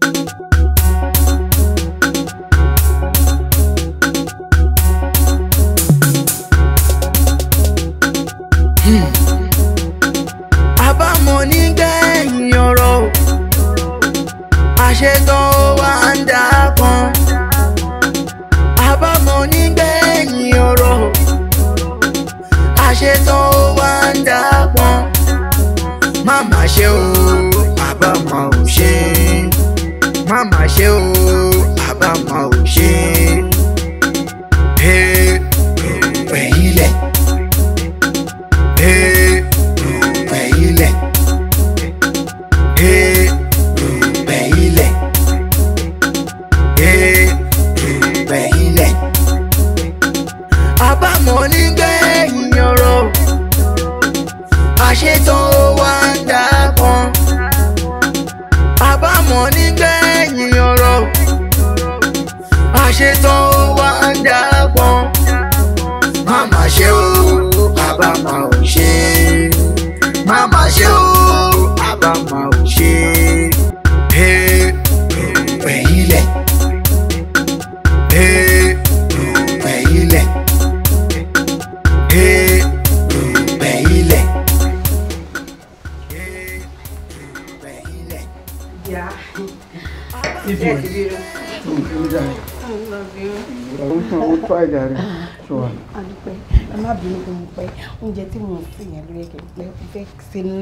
Thank you.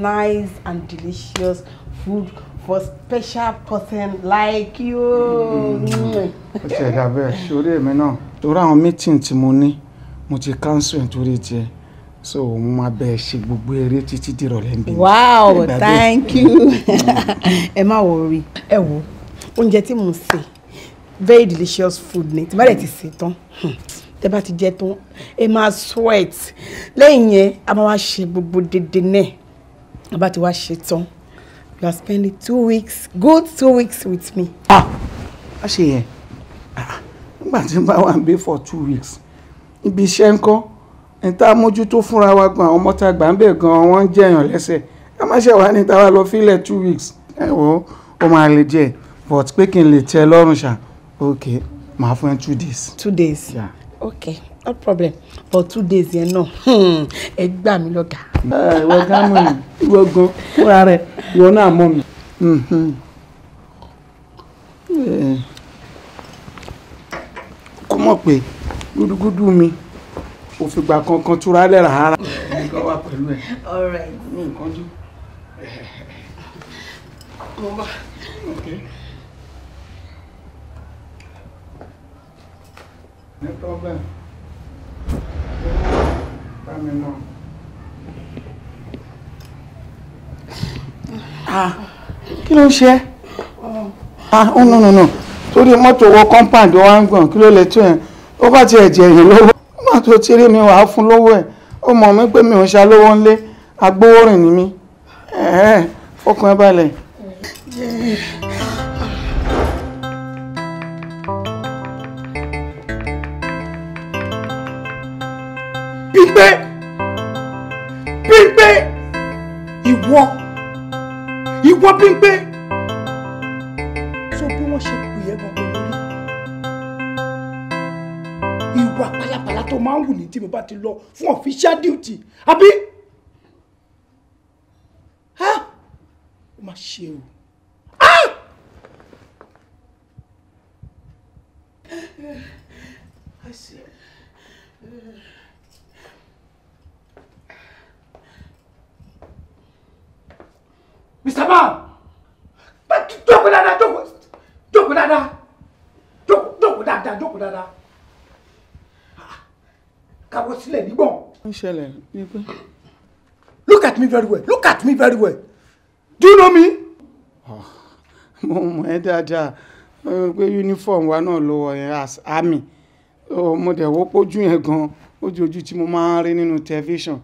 nice and delicious food for special person like you. Mm-hmm. ó ti ẹ̀dá bẹ́ẹ̀ sórí èmi náà torí àwọn meeting tí mo ní mo ti cancel nítorí tiẹ̀ so mo máa bẹ ẹ ṣe gbogbo eré títí dìrọ̀lẹ́ nbí. wow thank you mm-hmm. ẹ má wọrí ẹ wo oúnjẹ tí mo sè very delicious food ni tí bá dẹ̀ ti sè tán hmm, tẹ bá ti jẹ tán ẹ máa sweat lẹ́yìn yẹn a máa ṣe gbogbo dédé náà bá ti wá ṣe tán you are spending two weeks good two weeks with me. ah a ṣe yẹn ah, nígbà tí n bá wà ń bẹ for two weeks ibi iṣẹ́ ń kọ́ níta mójútó fúnra wa gan àwọn ọmọ tá a gbà ń bẹ̀ gan wọ́n ń jẹ̀yàn lẹ́sẹ̀ ká má ṣe wá níta wa lọ fílẹ̀ two weeks ẹ̀wọ́ ó máa lè jẹ́ but pé kí n lè tẹ́ lọ́rùn ṣá ok màá fún ẹ two days. two days yeah. ok no problem for two days yẹn náà hmm, ẹ gbà mí lọ́gà. ìwọ gánà ìwọ gan fúnra rẹ ìwọ náà mọ̀ mi. Eh, kó mọ̀ pé gúdúgúdú mi ò fìgbà kankan túra lẹ̀ rárá. nǹkan wà pẹ̀lú ẹ̀. ọ̀rẹ́ mi nǹkan jù. mo Okay. No problem. Ah, kí ló ń ṣe ẹ́ ah, oh no no no torí mọ́tò wọ compound wa ń gbọ̀n kí ló lè tó yẹn ó bá tiẹ̀ jẹ̀yìn lọ́wọ́ má tó ti rí mi wàá fún lọ́wọ́ ẹ̀ ó mọ̀ mí pé mi ò ń ṣalówó ńlé agbówórìn ni mí ọkùnrin balẹ̀. Yeah. Bímpé Bímpé ìwọ ìwọ Bímpé sọ bí wọ́n ṣe pè é gbọ̀ngàn lórí ìwà pálapàla tó máa ń wù ní tí mo bá ti lọ fún official duty àbí ó máa ṣe o. dáadáa káwọ́ sílẹ̀ nígbọ̀n. ó ń ṣẹlẹ̀ pé. look at me very well look at me very well do you know me. Ah, mo mọ̀ ẹ́ dáadáa pé uniform wa náà ló wọ yẹn as army mo dẹ̀ wò pójú yẹn gan ojú-ojú tí mo máa ń rí nínú tẹlifíṣàn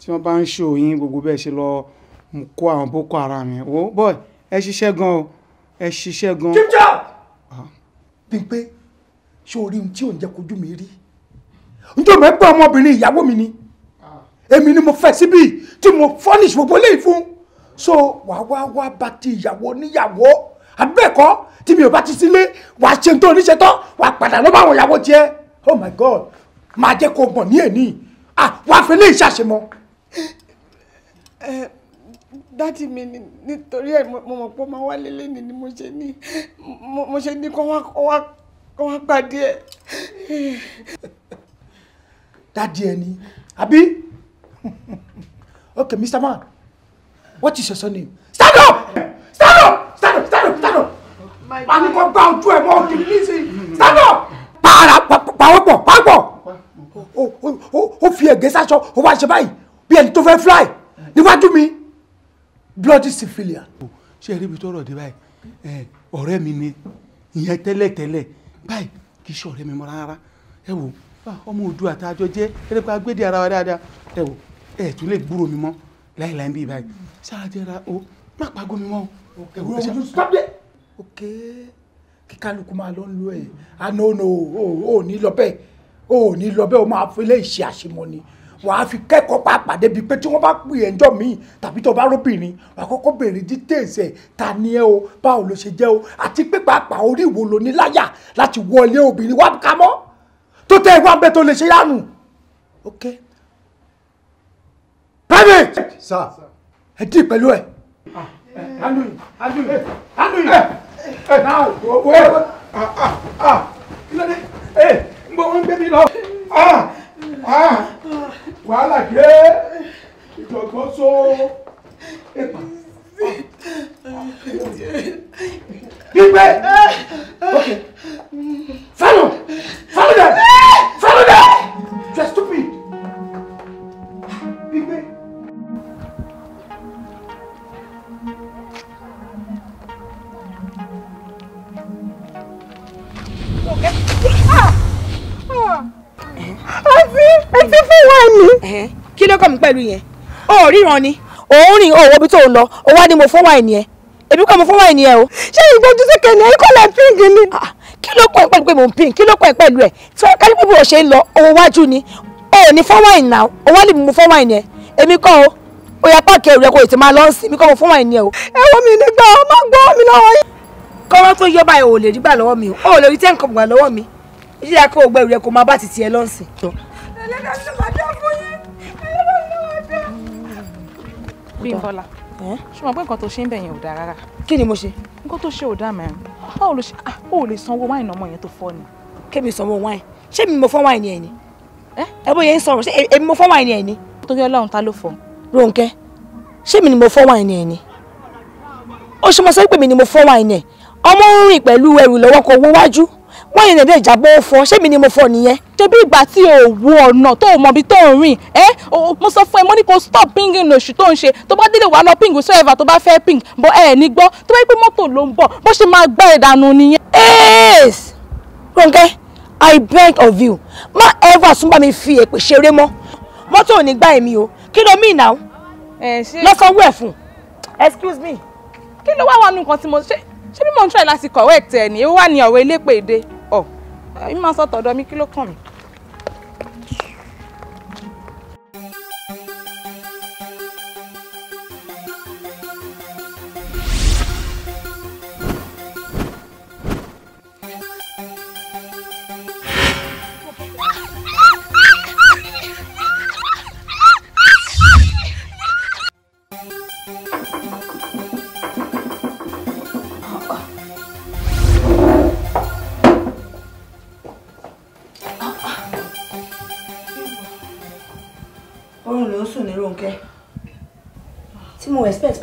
tí wọ́n bá ń ṣòyìn gbogbo bẹ́ẹ̀ ṣe lọ kó àwọn boko haram yẹn wo boy ẹ ṣiṣẹ́ gan o ẹ ṣiṣẹ́ gan. jíjọ́ ah. bí pé ṣé o ohun tí ò ń jẹ́ kojú mi rí njó mẹ́ pé ọmọbìnrin ìyàwó mi ni èmi ni mo fẹ́ síbí tí mo furnish gbogbo léyìí fún so wàá wá wá bá ti ìyàwó níyàwó àbẹ́ẹ̀kọ́ tí mi ò bá ti sílé wàá ṣe tó oníṣẹ́ tán wàá padà lọ́ bá àwọn ìyàwó tiẹ̀ oh my god máa jẹ́ kó mọ̀ ní èní ah wàá fi lè ṣàṣemọ́. dádì mi nítorí ẹ mo mọ̀ pé ó máa wá lélẹ́ni ni mo ṣe ní mo ṣe ní kó wá kọ́ wá pàdé ẹ̀ dádì ẹ ni àbí okay mr man what is your son name? stand up stand up stand up stand up stand up màá ní kó gbá ojú ẹ mọ́ òkè nísìnyí stand up pààrà pàwọ́pọ̀ pàwọ́pọ̀ ó fi ẹ̀gẹ́ sáṣọ ó wá ṣe báyìí bí ẹni tó fẹ́ fly níwájú mi bloody civilian. ṣé ẹ rí ibi tó rọ̀ dé báyìí ọ̀rẹ́ mi ni ìyẹn tẹ́lẹ̀tẹ́lẹ̀ báyìí kì í ṣọ̀rẹ́ mi rárá ẹ ọmọ Oòduà àtàjọ jẹ́ ẹlẹ́pàá agbédè ara wa dáadáa ẹ wò lè gbúrò mi láìláì bí báyìí sára jẹ́ra o má pàgó mi mọ́ o. stop there. ok kí kálukú máa ah, no no o ò ní lọ bẹ́ẹ̀ o ò o máa fi lè wàá fi kẹ́kọ̀ọ́ pàápàá débi pé tí wọ́n bá pè ẹ́ ńjọ́ míì tàbí tó bá róbìnrin wàá kọ́kọ́ béèrè details ẹ̀ ta ni ẹ o báwo ló ṣe jẹ́ o àti pé pàápàá orí ìwo lo ní láyà láti wọlé obìnrin wá ká mọ́ tó tẹ ìwà bẹ́ẹ̀ tó lè ṣe yánu. ok private. sir ẹ dì pẹ̀lú ẹ. Ah, eh, handle it handle it eh, handle it eh, now wo wo. Ah, ah, kí ló dé? ẹ ń gbọ́ wọn gbé mi lọ. Ah, wàhálà dé ìjọ̀gbọ́n so èpà gbígbé fẹ́nu fẹ́nu dẹ̀ fẹ́nu dẹ̀. fífún wa ni. kí ló kọ́ mi pẹ̀lú yẹn o ríran ni. òun rìn òwò bí tó ń lọ ó wá ní mo fún wáìnì ẹ èmi kọ́ mo fún wáìnì ẹ o. ṣé ìgbójú sí kẹ̀lé ẹ̀kọ́ lẹ̀ pink ni. Ah, ah. kí ló kọ́ ẹ pẹ̀lú pé mò ń pink kí ló kọ́ ẹ pẹ̀lú ẹ tí wọ́n kájú bíbí òṣè ń lọ òun wájú ni o ò ní fún wáìnì náà o wá lè mú fún wáìnì ẹ èmi kọ́ o ó yá páàkì ẹrù rẹ kó ètò máa lọ sí mi kọ́ mo fún wáìnì ẹ o. ẹ wọ́n mi nígbà ọmọ gbọ́ mi lọ́wọ́ yìí. kọ́wọ́ tó yọ báyìí ò lè rí gbà lọ́wọ́ mi o ò lè rí tẹ́ǹkọ̀ gbà lọ́wọ́ mi yíyá kó o gbẹrù rẹ kó máa bá titi ẹ lọ́sìn ẹlẹ́dàá mi ló máa dá fún yín ẹlẹ́dàá mi ló máa dá. Bímbọ́lá ṣé mo pé nǹkan tó ṣe ń bẹ̀yẹn ò dáa rárá. kí ni mo ṣe. nǹkan tó ṣe ò dáa mẹ́rin báwo ló ṣe ó ah, lè sanwó wáìnì ọmọ yẹn tó fọ́ ni. kémi sanwó wáìnì ṣé mi mo fọ́ wáìnì ẹ̀ ni ẹ bóyá ń sọ̀rọ̀ ṣé èmi mo fọ́ wáìnì ẹ̀ ni. torí Ọlọ́run ta ló fọ́. Rónkẹ́ ṣé mi ni mo fọ́ wáìnì ẹ̀ ni ó ṣe mo sọ pé mo fọ́ wáìnì ẹ̀ ọmọ ń rìn pẹ̀lú ẹrù lọ́wọ́ wọ́n yẹn dẹ̀dẹ̀ ìjàbọ̀ fọ ṣé mi ni mo fọ nìyẹn. ṣebí ìgbà tí o wo ọ̀nà tó o mọbi tó ń rìn ẹ́ mo sọ fún ẹ mo ní kó stop pinging oṣù tó ń ṣe tó bá délé wàá lọ ping so ever tó bá fẹ́ ping bọ́ ẹ ní gbọ́ tó bá yẹ pé mọ́tò ló ń bọ̀ bó ṣe máa gbá ìdànù nìyẹn. yes Ronke i beg of you má ever súnbà mi fi èpè ṣeré mọ́ mọ́tò ò ní gbá èmi o kí ló mí ìnáwó lọ́sàn-án wẹ̀ fún excuse me. kí ló wá wà nù nǹkan tí mo ṣe ṣé bí mo ń try láti correct ẹ ní ewu wà ní ọ̀rọ̀ elépèdè ọ oh, ẹ máa sọ tọ̀dọ̀ mi kí ló kàn mí.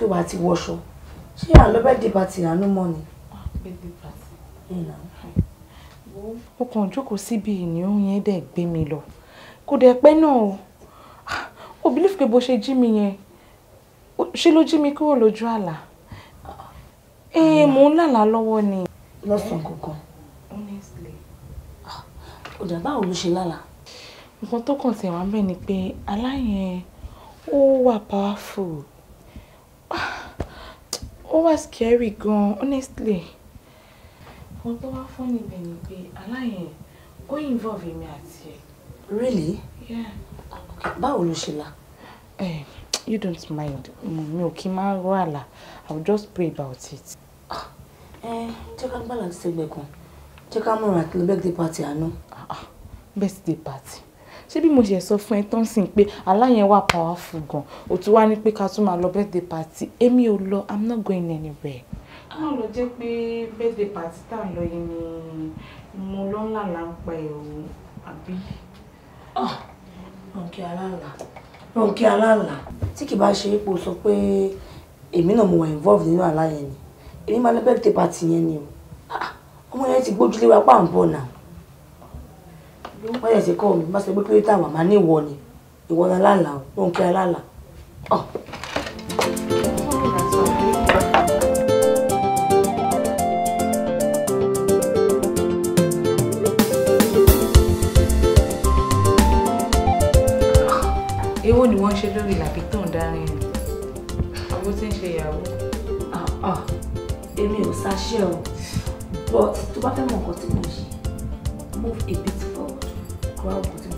tó bá ti wọṣọ ṣé à ń lọ bẹ́ẹ̀ dé pàtì àánú mọ́ ni. ó kàn síbi ìní oyin dẹ̀ gbé mi lọ kò dẹ̀ pẹ́ náà o ò ah, bílífù pé bó ṣe jí mi yẹn ṣe ló jí mi kúrò lójú àlá ee mò ń lálàá lọ́wọ́ ni. lọ́sàn-án kankan ọ̀dà ah, báwo ló ṣe lálàá. nǹkan tó kàn tẹ̀ wá ń ni pé aláyẹn ó wà powerful ó scary gan honestly ohun tó wá fún níbẹ̀ ni pé aláyẹn ó involve èmi àti ẹ̀. really? yeah. báwo ló ṣe la. Eh, you don't mind mi ò kí n máa rọ àlà i will just pray about it. Ah, eh, jẹ́ ká gbàlá ti ṣègbè kan jẹ́ ká múra àti lọ birthday party àná. Ah, ah, birthday party ṣé bí mo ṣe sọ fún ẹ tán sì pé aláyẹn wà powerful gan o tún wá ní pé ká tún máa lọ birthday party èmi ò lọ i'm not going anywhere. má lọ jẹ́ pé birthday party tá à lọ yìí ni mo lọ ń lànà ń pa ẹ̀ o àbí. Ronke ah, Alala Ronke Alala tí kì bá ṣe ipò sọ pé èmi náà mo wà involved nínú àlá ni èmi máa lọ birthday party yẹn ni o ah, ọmọ yẹn ti gbójúlé wa pàǹbọ̀ náà wọ́n yẹ̀ sí kọ́ mi má sọ pé kí ló tà màmá ní ìwọ ni ìwọ ni aláàlá o ló ń kí aláàlá. èwo ni wọ́n ṣe lórí làbí tó ń darin ni owó tí ń ṣe ìyàwó. èmi ò ṣàṣẹ o but tó bá fẹ́ mọ nǹkan tí mo ṣe move a bit kó àbò tó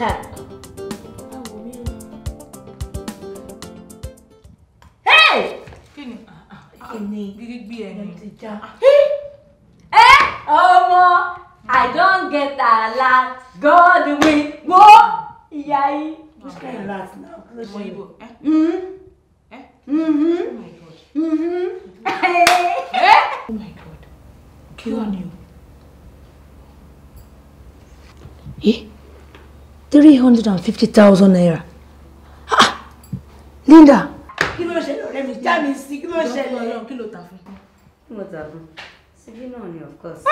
yẹ. kíni gbígbí ẹni I don't get alert God will wo ìyá What kind of alert now? ló ṣe yìí. Mm-hmm. Oh my God. Mm-hmm. Hey. Oh my God. Kí wà ní three hundred and fifty thousand naira. Ah, Linda. kí ló ṣẹlẹ̀ ọ̀rẹ́ mi já mi sí kí ló ṣẹlẹ̀ kí ló ta fún kí ló ta fún síbí náà ni of course.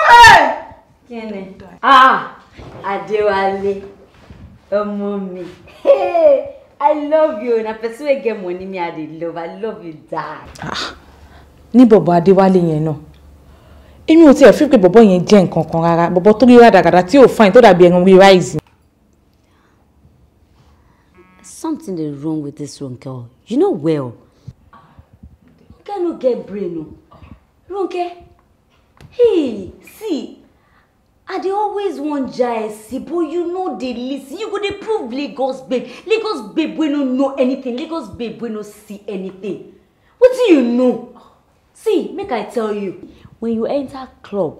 kí ni ah, Adéwálé ọmọ mi I love you na person wey get money me I dey love I love you die. Ah, ní bọ̀bọ̀ Adéwálé yẹn náà èmi ò tiẹ̀ fi pé bọ̀bọ̀ yẹn jẹ́ nǹkan kan rárá bọ̀bọ̀ tó rí ràdàràdà tí ò fáìn tó dàbí ẹran rí ráìsì something dey wrong with this ronke you know well ronke no get brain o ronke hey see i dey always wan see, but you no dey listen you go dey prove lagos babe lagos babe wey no know anything lagos babe wey no see anything wetin you know see make i tell you when you enter club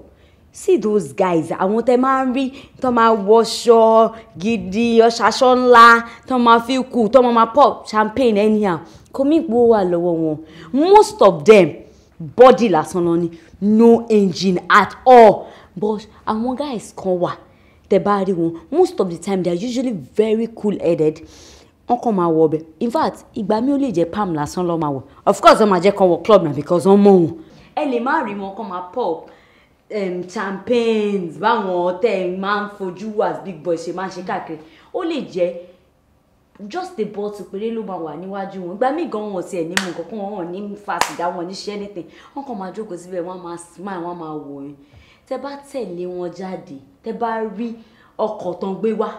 see those guys àwọn tẹ máa ń rí tó máa wọṣọ gidi ọṣaṣọ ńlá tó máa fi kù tó máa pop champagne anyhow kò mí gbó wà lọ́wọ́ wọn most of them body lásán lọ ni no engine at all but àwọn guys kan wà tẹ bá rí wọn most of the time they are usually very cool headed wọn kàn máa wọ ọbẹ in fact ìgbà mi ò lè jẹ palm lásán lọ máa wọ of course wọn máa jẹ kàn wọ club na because wọn mọ wọn ẹ lè má rí wọn kàn máa pop um, champagnes báwọn tẹ máa ń fojú wà as big boy ṣe máa ń ṣe káàkiri ó lè jẹ just the bottle péré ló máa wà níwájú wọn ìgbà míì gan wọn ò tiẹ̀ ní mu nǹkan kún wọn wọn ní fa sìgá wọn ní ṣe anything wọn kàn máa jókòó síbẹ̀ wọn máa smile wọn máa wò yín tẹ bá tẹ̀lé wọn jáde tẹ bá rí ọkọ̀ tán gbé wá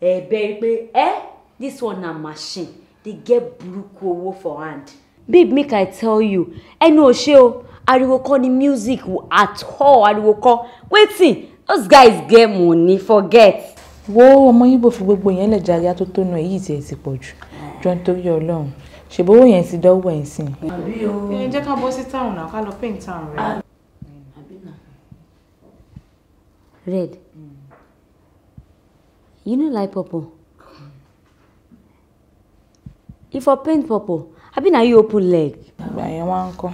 ẹ bẹ́ẹ̀ pé ẹ this one na machine they get burúkú owó for hand. babe make i tell you ẹnu ò ṣe o ariwo kọ́ ni music at all ariwo kọ́ wetin those guys get money forget. wo ọmọ yín bò fi gbogbo yẹn lẹ̀jà ya tó tónu èyí tí ẹ ti pọ̀ jù jọ nítorí ọlọ́run ṣèbówó yẹn ti dọ́wọ́ ẹ̀ sìn. ẹ jẹ́ ká bọ́ sí táwọn náà ká lọ pín táwọn rẹ̀. Ah. red you no like purple if for paint purple abi na you open leg. ìgbà yẹn wá ń kọ́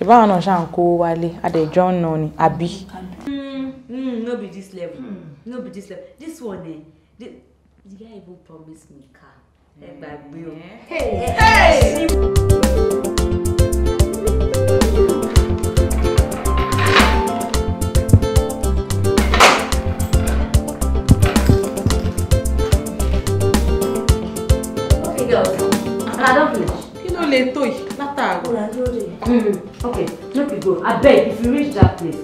ṣe báwọn náà ṣáà ń kó wálé adẹjọ́ ń nà ni àbí. Mm, mm, no be this level hmm. no be this level this one eh the, guy even promise me car ẹ Hey! Hey! Mm, okay, make we go. Abeg, if you reach that place.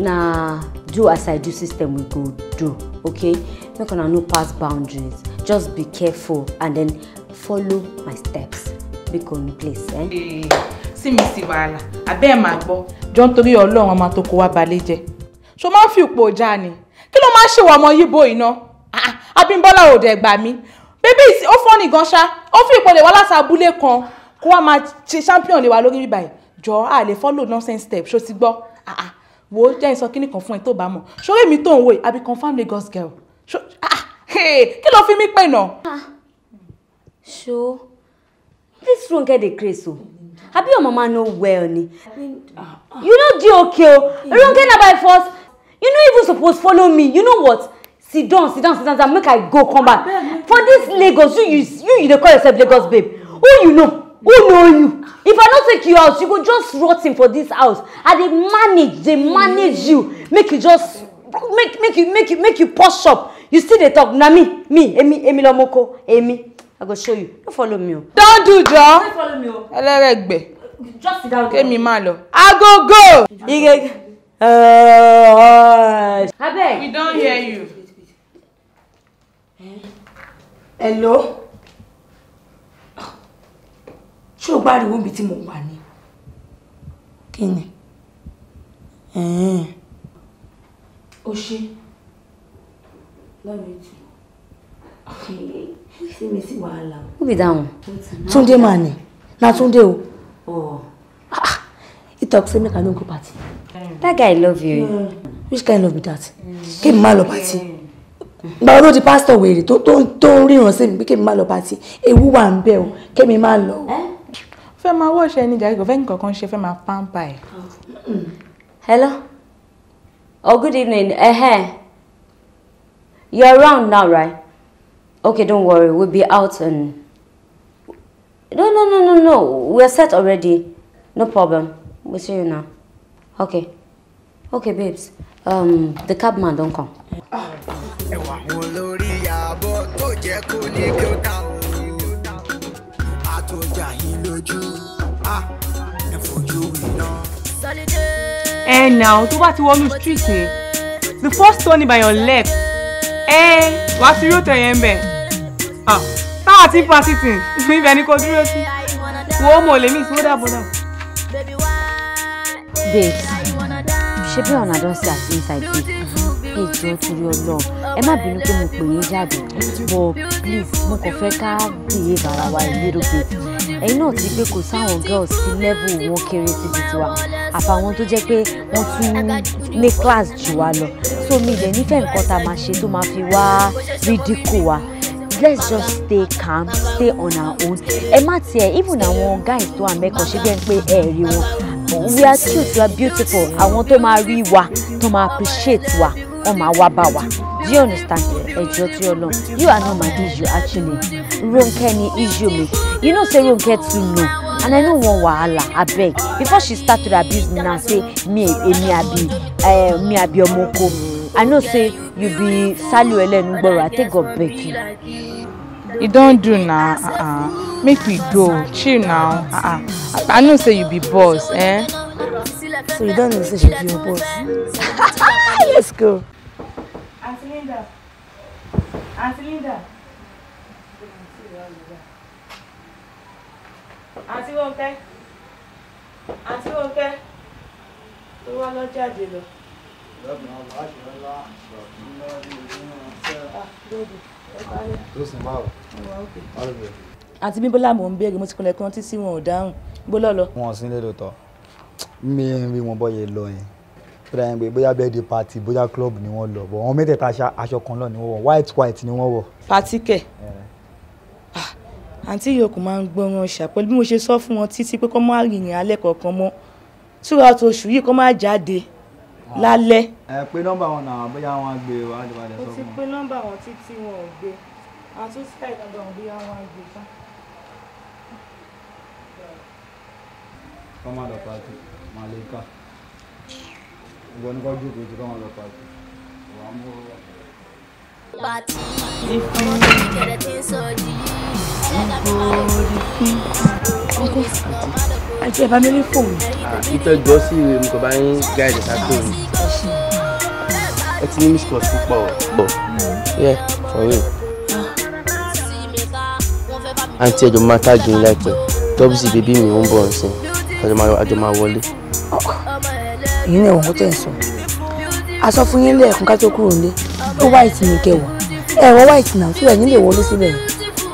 Na do as I do system we go do, okay? Make una no pass boundaries. Just be careful and then follow my steps. Make una place, eh? Hey, eh, see me see wahala. Abeg ma gbọ́. Jọ nítorí Ọlọ́run ọmọ tó kó wá balẹ̀ jẹ́. Ṣo máa ń fi ipò já ni? Kí ló máa ń ṣèwà ọmọ Yíbo iná? Ah, ah, Abímbọ́lá ò dẹ̀ gbà mí. Bébí ó fọ́nì gan ṣá. Ó fi ipò lè wá láti abúlé kan kó wá máa ṣe champion lè wà lórí bíbá ẹ̀ jọ a lè follow nonsense step ṣó ti gbọ́ ah, ah. wo jẹ́ ìsọ kíní kan fún ẹ tó bá mọ̀ ṣórí mi tó ń wo yìí àbí confam Lagos girl ah, kí ló fi mí pè náà. ṣó this room get dey craze o abi your mama no well ni you no dey okay o ronke na by force you no even suppose follow me you know what sit down sit down sit down make i go come back for this Lagos you you you dey call yourself Lagos babe who you know who know you if i no take you out you go just rotting for this house i they manage they manage you make you just make make you make you make you push up. you see they talk na me me Amy, emi lomoko emi i go show you no follow me o. Oh. don do jọ oh. ẹlẹrẹgbẹ kémi go. lọ agogo. abeg. we don't hear you. hello ṣé o gbá ariwo ibi tí mo wà ní. kí ni ó ṣe lọ́rọ̀ ètò sí mi sí wàhálà. ó bì dáhùn túndé mà ní na túndé o. Ah, he talk say make i no go party. that guy love you. Yeah. which kind love be that. kí n má lọ party gba olódi pásítọ̀ wèrè tó ń ríran sí mi pé kémi má lọ pàtì ewu wà ń bẹ o kémi má lọ fẹ́ máa wọ́ ọ̀ṣẹ́ ni jàre kò fẹ́ ṣe fẹ́ máa pampa ẹ̀. Mm. hello oh good evening uh-huh. you're around now right okay don't worry we'll be out and no no no no no We are set already no problem we'll see you now okay okay babes um, the cabman don come. ẹ̀wà lójú ah, ẹ fojú winá. ẹ nà tó bá ti wọnú street ni the first turn by your left ẹ wá sí rotẹ yẹn bẹ ah, táwa ti fásitì ibẹ̀ ni kò dúró sí wo mo lè mí ìsúwọ́dà bọ́dà. babes ṣe bí ọ̀nà àdọ́sí àti inside people ètò torí ọlọ́run ẹ má bínú pé mo pè yín jáde but please mo kàn fẹ́ ká bèèrè ara wa a little bit ẹ̀yin náà ti pé kò sáwọn girls sí level wọn kéré sí tiwa àfàwọn tó jẹ́ pé wọ́n tún ní class jù wá lọ so mi ìdẹ̀ nífẹ̀ẹ́ nǹkan tá a máa ṣe tó máa fi wá ridicule wa let's just stay calm stay on our own ẹ má tiẹ̀ even àwọn guys tó àmẹ́kọ̀ọ́ ṣe bẹ́ẹ̀ pé ẹ rí wọn we are cute we are beautiful àwọn tó máa rí wa tó máa appreciate wa wọ́n máa wá bá wa do you understand? ẹjọ́ tí ọ lọ you are not my issue actually Ronke ni issue mi you know say Ronke too know and I no wan wahala abeg before she start to dey abuse me na say me emi abi eh, mi abi ọmọ oko I know say you be Sally Elenu gbọrọ I take God beg you. e don do na uh -uh. make we go chill now uh -uh. i know say you be boss eh. so you don know say she be your boss let's go àǹtí ah, Linda àǹtí Rónkẹ́ àǹtí Rónkẹ́ tó wá lọ jáde lọ. àti bíbélà mò ń béèrè mo ti kúnlẹ̀ kan títí wọn ò dáhùn bó lọ lọ. wọn ò sí nílé lóòótọ́ mi rí wọn bọ́ yẹn lọ yẹn tó yẹn pé bóyá birthday party bóyá club ni wọ́n lọ bọ̀ mẹ́tẹ̀ẹ̀ta aṣọ kan lọ ni wọ́n wọ̀ white white ni wọ́n wọ̀. pati kẹ eh. ah, àǹtí yòókù máa ń gbọ́ràn ṣà pẹ̀lú bí mo ṣe sọ fún wọn títí pé kó má rìnrìn alẹ́ kọ̀ọ̀kan mọ́ túra tó oṣù yìí kó má jáde ah. lálẹ́. ẹ eh, pé nọ́mbà wọn náà bóyá wọn á gbé wa lè balẹ̀ sọ fún wọn. mo ti pé nọ́mbà wọn títí wọn ò gbé àtúnṣe ìdàgbà wọn bóyá wọn á gbé tán. kọ́mọdọ̀ pàtó màlẹ́kà. I ní kọ́ jókòó tí káwọn lọ pàtì wà á mú ọ wà. pàtì ọmọ tó ti kẹrẹ tí ń sọ yìí àti ẹ̀bá mi ní fóònù. ìtọ́ jọ sí ìwé mi kò bá yín gáàdì sáfẹ́ mi. ẹ ti ní miss call púpọ̀ bọ̀ yẹ ọ̀rẹ́ àǹtí ẹ̀jọ̀ máa tágì ní láìpẹ́ tọ́bùsì bèbí mi ò I don't ọ̀sìn àjọ máa wọlé èyí náà ẹ̀wọ̀n kó tẹ̀ ń sọ aṣọ fún yín lẹ́ẹ̀kan ká tó kúrò nílé ó wáìtì ní kẹwọ̀ ẹ̀wọ̀n wáìtì náà tó ẹ̀yìn lè wọlé síbẹ̀ yẹn.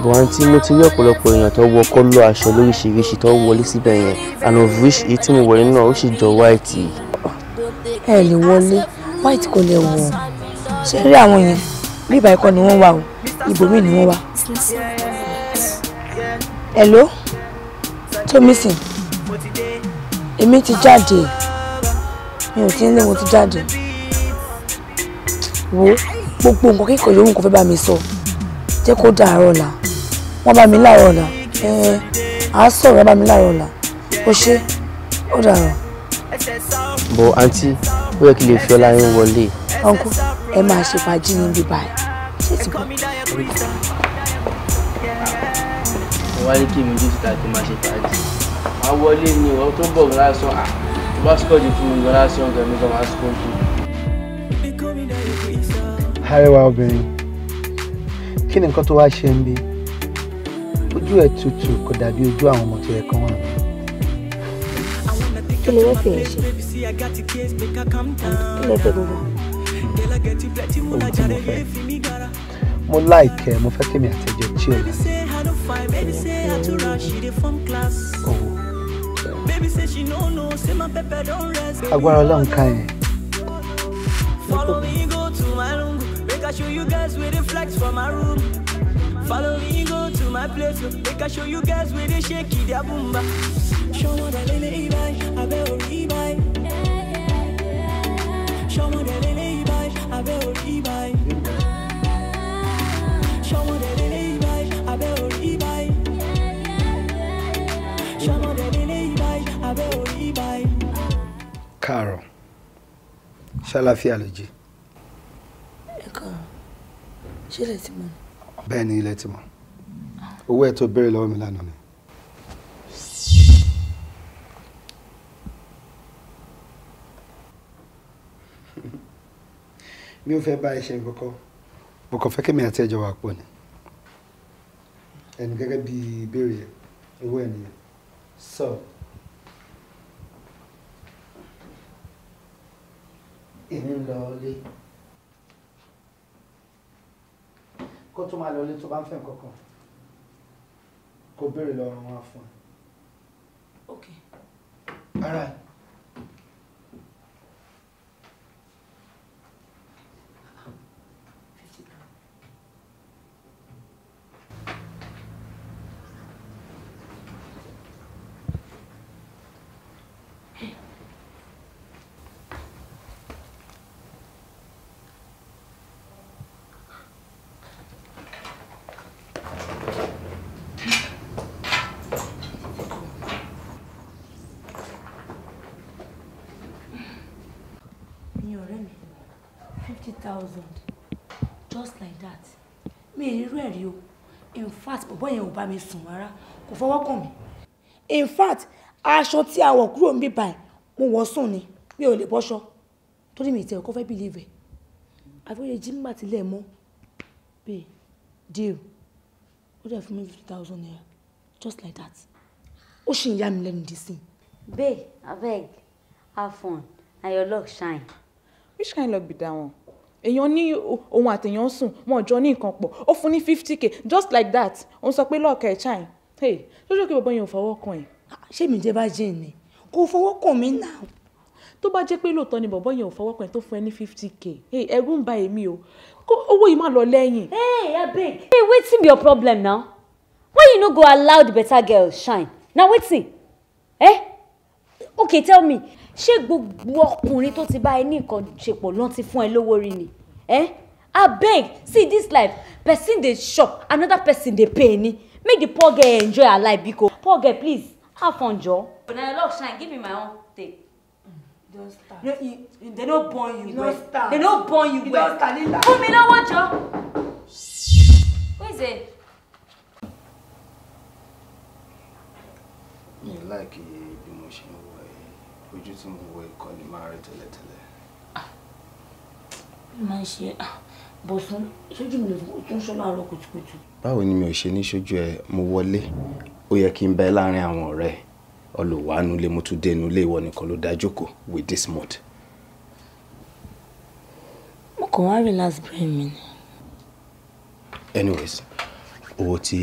bọ̀ǹtì mo ti rí ọ̀pọ̀lọpọ̀ èèyàn tó wọ kọ́lọ́ aṣọ lóríṣiríṣi tó wọlé síbẹ̀ yẹn and of which èyí tí mo wọ̀ nínú ó sì jọ wáìtì. ẹ lè wọlé wáìtì kò lè wọ̀ ọ́ ṣe rí àwọn yẹn bí ìbá ikọ́ ni wọ́n wà o ibòmíì ni wọ́n wà. hello tómísìn èmi ti jáde mi ò kí ń lé mo ti jáde wo gbogbo nǹkan kíkọ yòówù kò fẹ́ bá mi sọ jẹ́ kó dàárọ̀ là wọ́n bá mi láàárọ̀ là ẹ̀ẹ́n à á sọ̀rọ̀ bá mi láàárọ̀ là ó ṣe ó dàárọ̀. bọ àǹtí ó yẹ kí lè fi ọlá yín wọlé. ọ̀nkú ẹ máa ṣe fàájì ní ibi báyìí ṣé ti bọ́. ìwádìí kí mi jù síta kí n máa ṣe fàájì máa wọlé ni ìwọ tó bọ̀ ń lásán àpò tó bá score jù fún ìgbọ́n láti ọ̀gá mi gan máa score jù. àríwá obìnrin kí ni nǹkan tó wáá ṣe ń bí ojú ẹ̀ tutù kò dàbí ojú àwọn ọmọ tó yẹ kán wà. kí ni wọ́n fi ń ṣe kí lè fẹ́ gbogbo. ohun tí mo fẹ́ mo láìkẹ́ mo fẹ́ kí mi àtẹ̀jọ́ tí o lọ. Baby say she no no, say my pepper don't rest. Agbára Ọlọ́run ká ẹ̀. Follow me go to my room, make I show you guys where the flags for my room. Follow me go to my place, make I show you guys where they shake it, their boomba. Show me the lele ibai, abe ori Show me the lele ibai, abe ori káàárọ̀ Shalafi ló jí. ẹ káàárọ̀ ṣé ilẹ̀ ti bẹ́ẹ̀ ni ilẹ̀ ti mọ̀ owó ẹ̀ tó béèrè lọ́wọ́ mi lánàá ni. mi ò fẹ́ bá ẹ ṣe nǹkan kan mo kàn fẹ́ kí mi àti ẹjọ́ wà pọ̀ ni ẹni gẹ́gẹ́ bíi ìbéèrè owó ẹ̀ nìyẹn. so. èmi ń lọ ilé kó tó máa lọ ilé tó bá ń fẹ́ nǹkan kan kó béèrè lọ́rùn wá fún ẹ. ok. all right. thousand just like that mi ì rírú ẹ̀ rí o in fact bọ̀bọ̀ yẹn ò bá mi sùn rárá kò fọwọ́ kàn mí in fact aṣọ tí a wọ̀ kúrò ń bí báyìí mo wọ̀ sùn ni mi ò lè bọ́ṣọ torí mi ì tẹ̀ ọkọ fẹ́ bìlíìvẹ̀ àfihàn èjì ń bà tilẹ̀ mọ́ bẹ́ẹ̀ deal ó dẹ̀ fún mi fifty thousand naira just like that ó ṣì ń yá mi lẹ́nu dísìn. babe abeg have fun and your luck shine. which kind of luck be that one èèyàn ní ohun àtẹ̀yàn sùn wọn jọ ní nǹkan pọ̀ ó fún ní fifty k just like that ó ń sọ pé lọ́ọ̀kẹ́ chai hey lójú kí bàbá yẹn ò fọwọ́ kan ẹ̀. Ah, ṣé mi jẹ́ bá jẹ́ ni kò fọwọ́ kàn mí náà. tó bá jẹ́ pé lóòótọ́ ni bàbá yẹn ò fọwọ́ kan ẹ̀ tó fún ẹ ní fifty k hey ẹ̀rù ń ba èmi o kó owó yìí má lọ lẹ́yìn. hey abeg hey wetin be your problem now why you no go allow the better girl shine na wetin eh okay tell me ṣé gbogbo ọkùnrin tó ti bá ẹ ní nǹkan ṣepọ̀ ló ti fún ẹ lówó rí ni eh? abeg see this life person dey shop another person dey pay ni make the poor girl enjoy her life biko poor girl please have fun jọ. na your luck shine give me my own take. don start. No, you, they no born you, you well. They no born you, you well. Don start Lila. Fún mi lọ́wọ́ jọ. Who is it? Me like it ojú tí mo wọ ikọ̀ ni máa rí tẹ́lẹ̀tẹ́lẹ̀. Ah, bí máa ń ṣe ah, bọ̀sùn sójú mi tún sọ láàárọ̀ kùtùkùtù. báwo ni mi ò ṣe ní sójú ẹ mo wọlé ó yẹ kí n bẹ láàrin àwọn ọ̀rẹ́ ọlùwàánu lé mo tún dénú lé ìwọ nìkan ló dá jókòó with this mud. mo kàn wá relax brain mi ni. anyways owó tí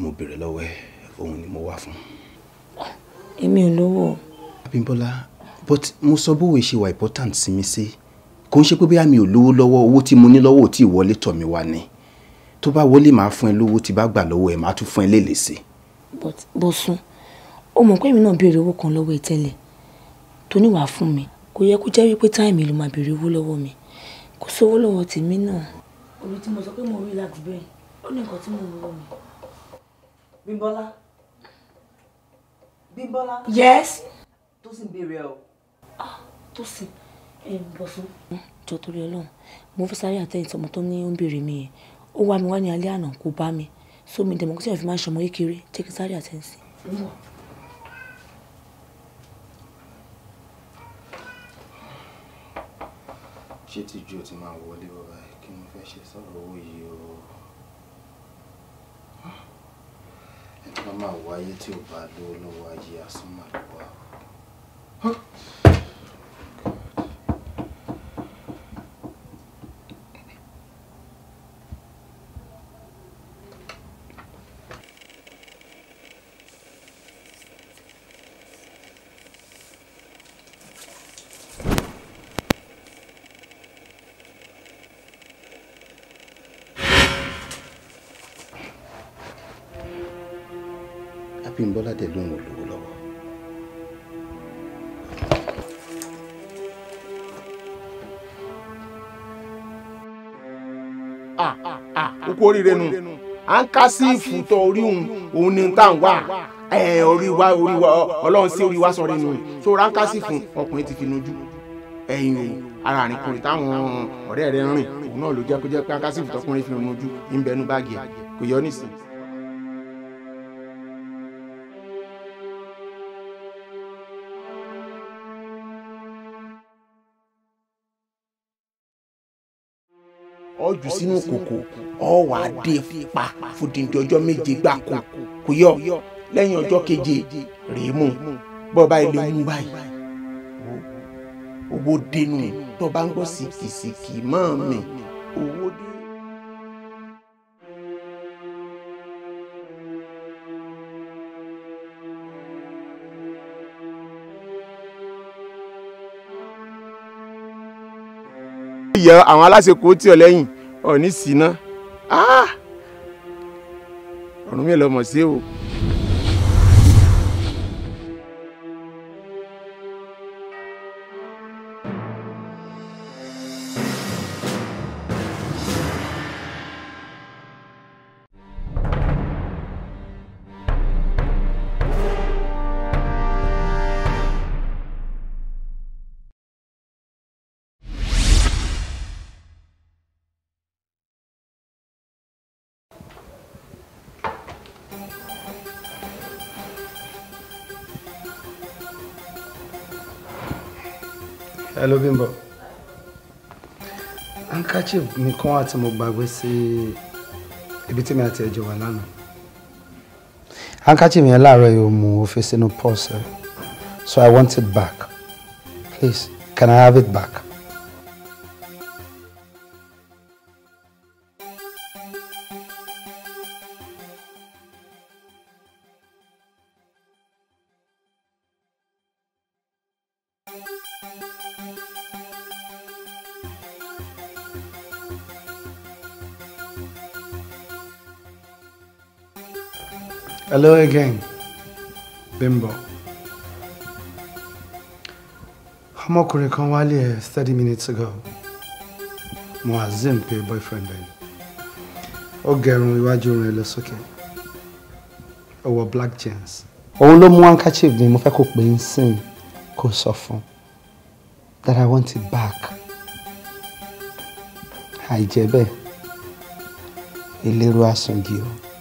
mo béèrè lọ́wọ́ ẹ òun ni mo wá fún. Ah, èmi ò lówó o. Abímbọ́lá but mo sọ bówe ṣe wà important sí mi sí kò ń ṣe pé bóyá mi ò lówó lọ́wọ́ owó tí mo ní lọ́wọ́ ò tí ì wọlé tọ̀ mí wá ni tó bá wọlé màá fún ẹ lówó tí bá gbà lọ́wọ́ ẹ màá tún fún ẹ lélẹ̀ sí. but bó sún o mọ̀ pé èmi náà béèrè owó kan lọ́wọ́ ẹ tẹ́lẹ̀ tó ní wàá fún mi kò yẹ kó jẹ́ wípé táìmì ló máa béèrè owó lọ́wọ́ mi kò sówó lọ́wọ́ tèmi náà. orí tí mo sọ pé mo rí làgùbẹ́ ó ní nǹkan tí mo rọ mi. Bímbọ́lá Bímbọ́lá. yes tó ah, sì ń béèrè ọ. tó sì bọ̀ fún. Hm, jọ torí Ọlọ́run mo fẹ́ sáré àtẹ̀yìn tọmọ tó ní ó ń béèrè mi yẹn ó wá mi wá ní alẹ́ àná kò bá mi so mi dẹ̀mọ́ kó sì fi máa ń ṣọmọ kékeré jẹ́ kí sáré àtẹ̀yìn sí. ṣé tíjú ò ti máa wọlé bàbá kí mo fẹ́ ṣe sọ̀rọ̀ owó yìí o ẹ̀ tó máa wáyé tí ò bá lówó lọ́wọ́ ayé asúnmọ́ A Abímbọ́lá dẹ̀ ló o kú oríire nu à ń ká sí ìfùtọ̀ orí òun òun ni tá à wà ẹ orí wa orí wa ọlọ́run sí orí wa sọ̀rọ̀ inú so ra ń ká sí fún ọkùnrin ti fi nojú ẹ̀yìn o ara rìn kùnrin táwọn ọ̀rẹ́ rẹ̀ ń rìn òun náà ló jẹ́ kó jẹ́ pé ká sí ìfùtọ̀ ọkùnrin fi nojú ń bẹnu báàgì ẹ̀ kò yọ nísìnyí. ọ jù sínú kòkò ọ wà á dé pa fòdìdì ọjọ́ méje gbáko kò yọ lẹ́yìn ọjọ́ keje rèé mú bọ́ọ̀bá ilé mú báyìí owó dénú tó bá ń gbọ́ sìkìsìkì mọ́ mi owó dénú. yẹ àwọn aláṣekò tí ọ lẹ́yìn ọ̀ní sí náà ah! ọ̀run mi lọ́mọ̀ sí o. hello Bímbọ́ handkerchief mi kan wà tí mo gbàgbé sí ibi tí mi àti ẹjọ wà lánàá handkerchief yẹn láàárọ̀ yìí mo fi sínú pọ́ọ̀sì so I want it back please can I have it back. Hello again, Bimbo. Ọmọkùnrin kan wálé ẹ 30 minutes ago. Moazim pe boyfriend ẹ. Ó gẹrun iwájú rẹ̀ lọ sókè. Ó wọ black jeans. Òun ló mú handkerchief ni mo fẹ́ kó pè ń sìn kó sọ That I want it back. Àìjẹ́ bẹ́ẹ̀, ìlérò àsùnjì o.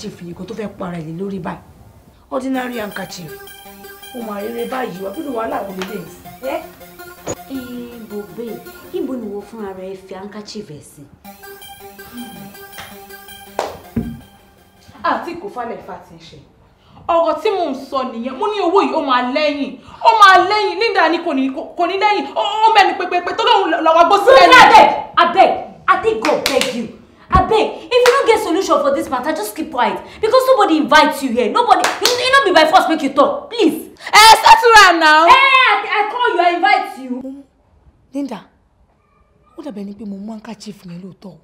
handkerchief yìí kó tó fẹ́ para ẹ̀ lórí báyìí ordinary handkerchief ó máa rere báyìí wá gbọ́dọ̀ wàhálà àwọn méjèèjì. ìbòbè ìbò ni wo fúnra rẹ fi handkerchief ẹ̀ sí. àti ah, kò falẹ̀ fà ti ń ṣe ọ̀rọ̀ tí mò ń sọ nìyẹn mo ní owó yìí ó máa lẹ́yìn ó máa lẹ́yìn nígbà ni kò ní kò ní lẹ́yìn ó mẹ́ni pépépé tó lóun lọ́wọ́ gbó sílẹ̀ ní. abeg abeg i dey go beg you abeg if you no get solution for this matter just keep quiet because nobody invite you here nobody you, you no be by force make you talk please. ẹ start to am now. hey, eh, i i call you i invite you. Mm, linda ó dàbẹ̀ ni pé mo mú handkerchief yẹn lóòótọ́ mo mú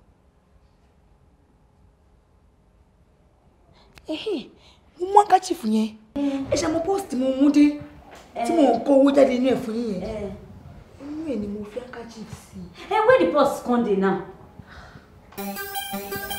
Chief yẹn mm. ẹ ṣe mo post mo mú dé eh. tí mo kó owó jáde inú ẹ̀ fún yín yẹn eh. inú ẹ̀ ni mo fi handkerchief sí. ẹ where the post come dey now. Música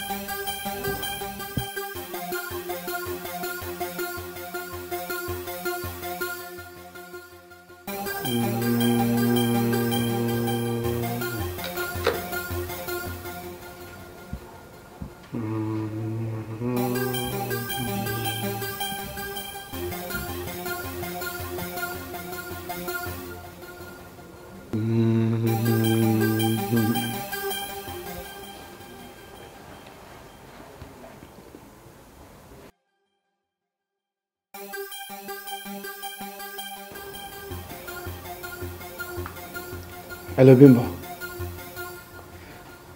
hello Bímbọ́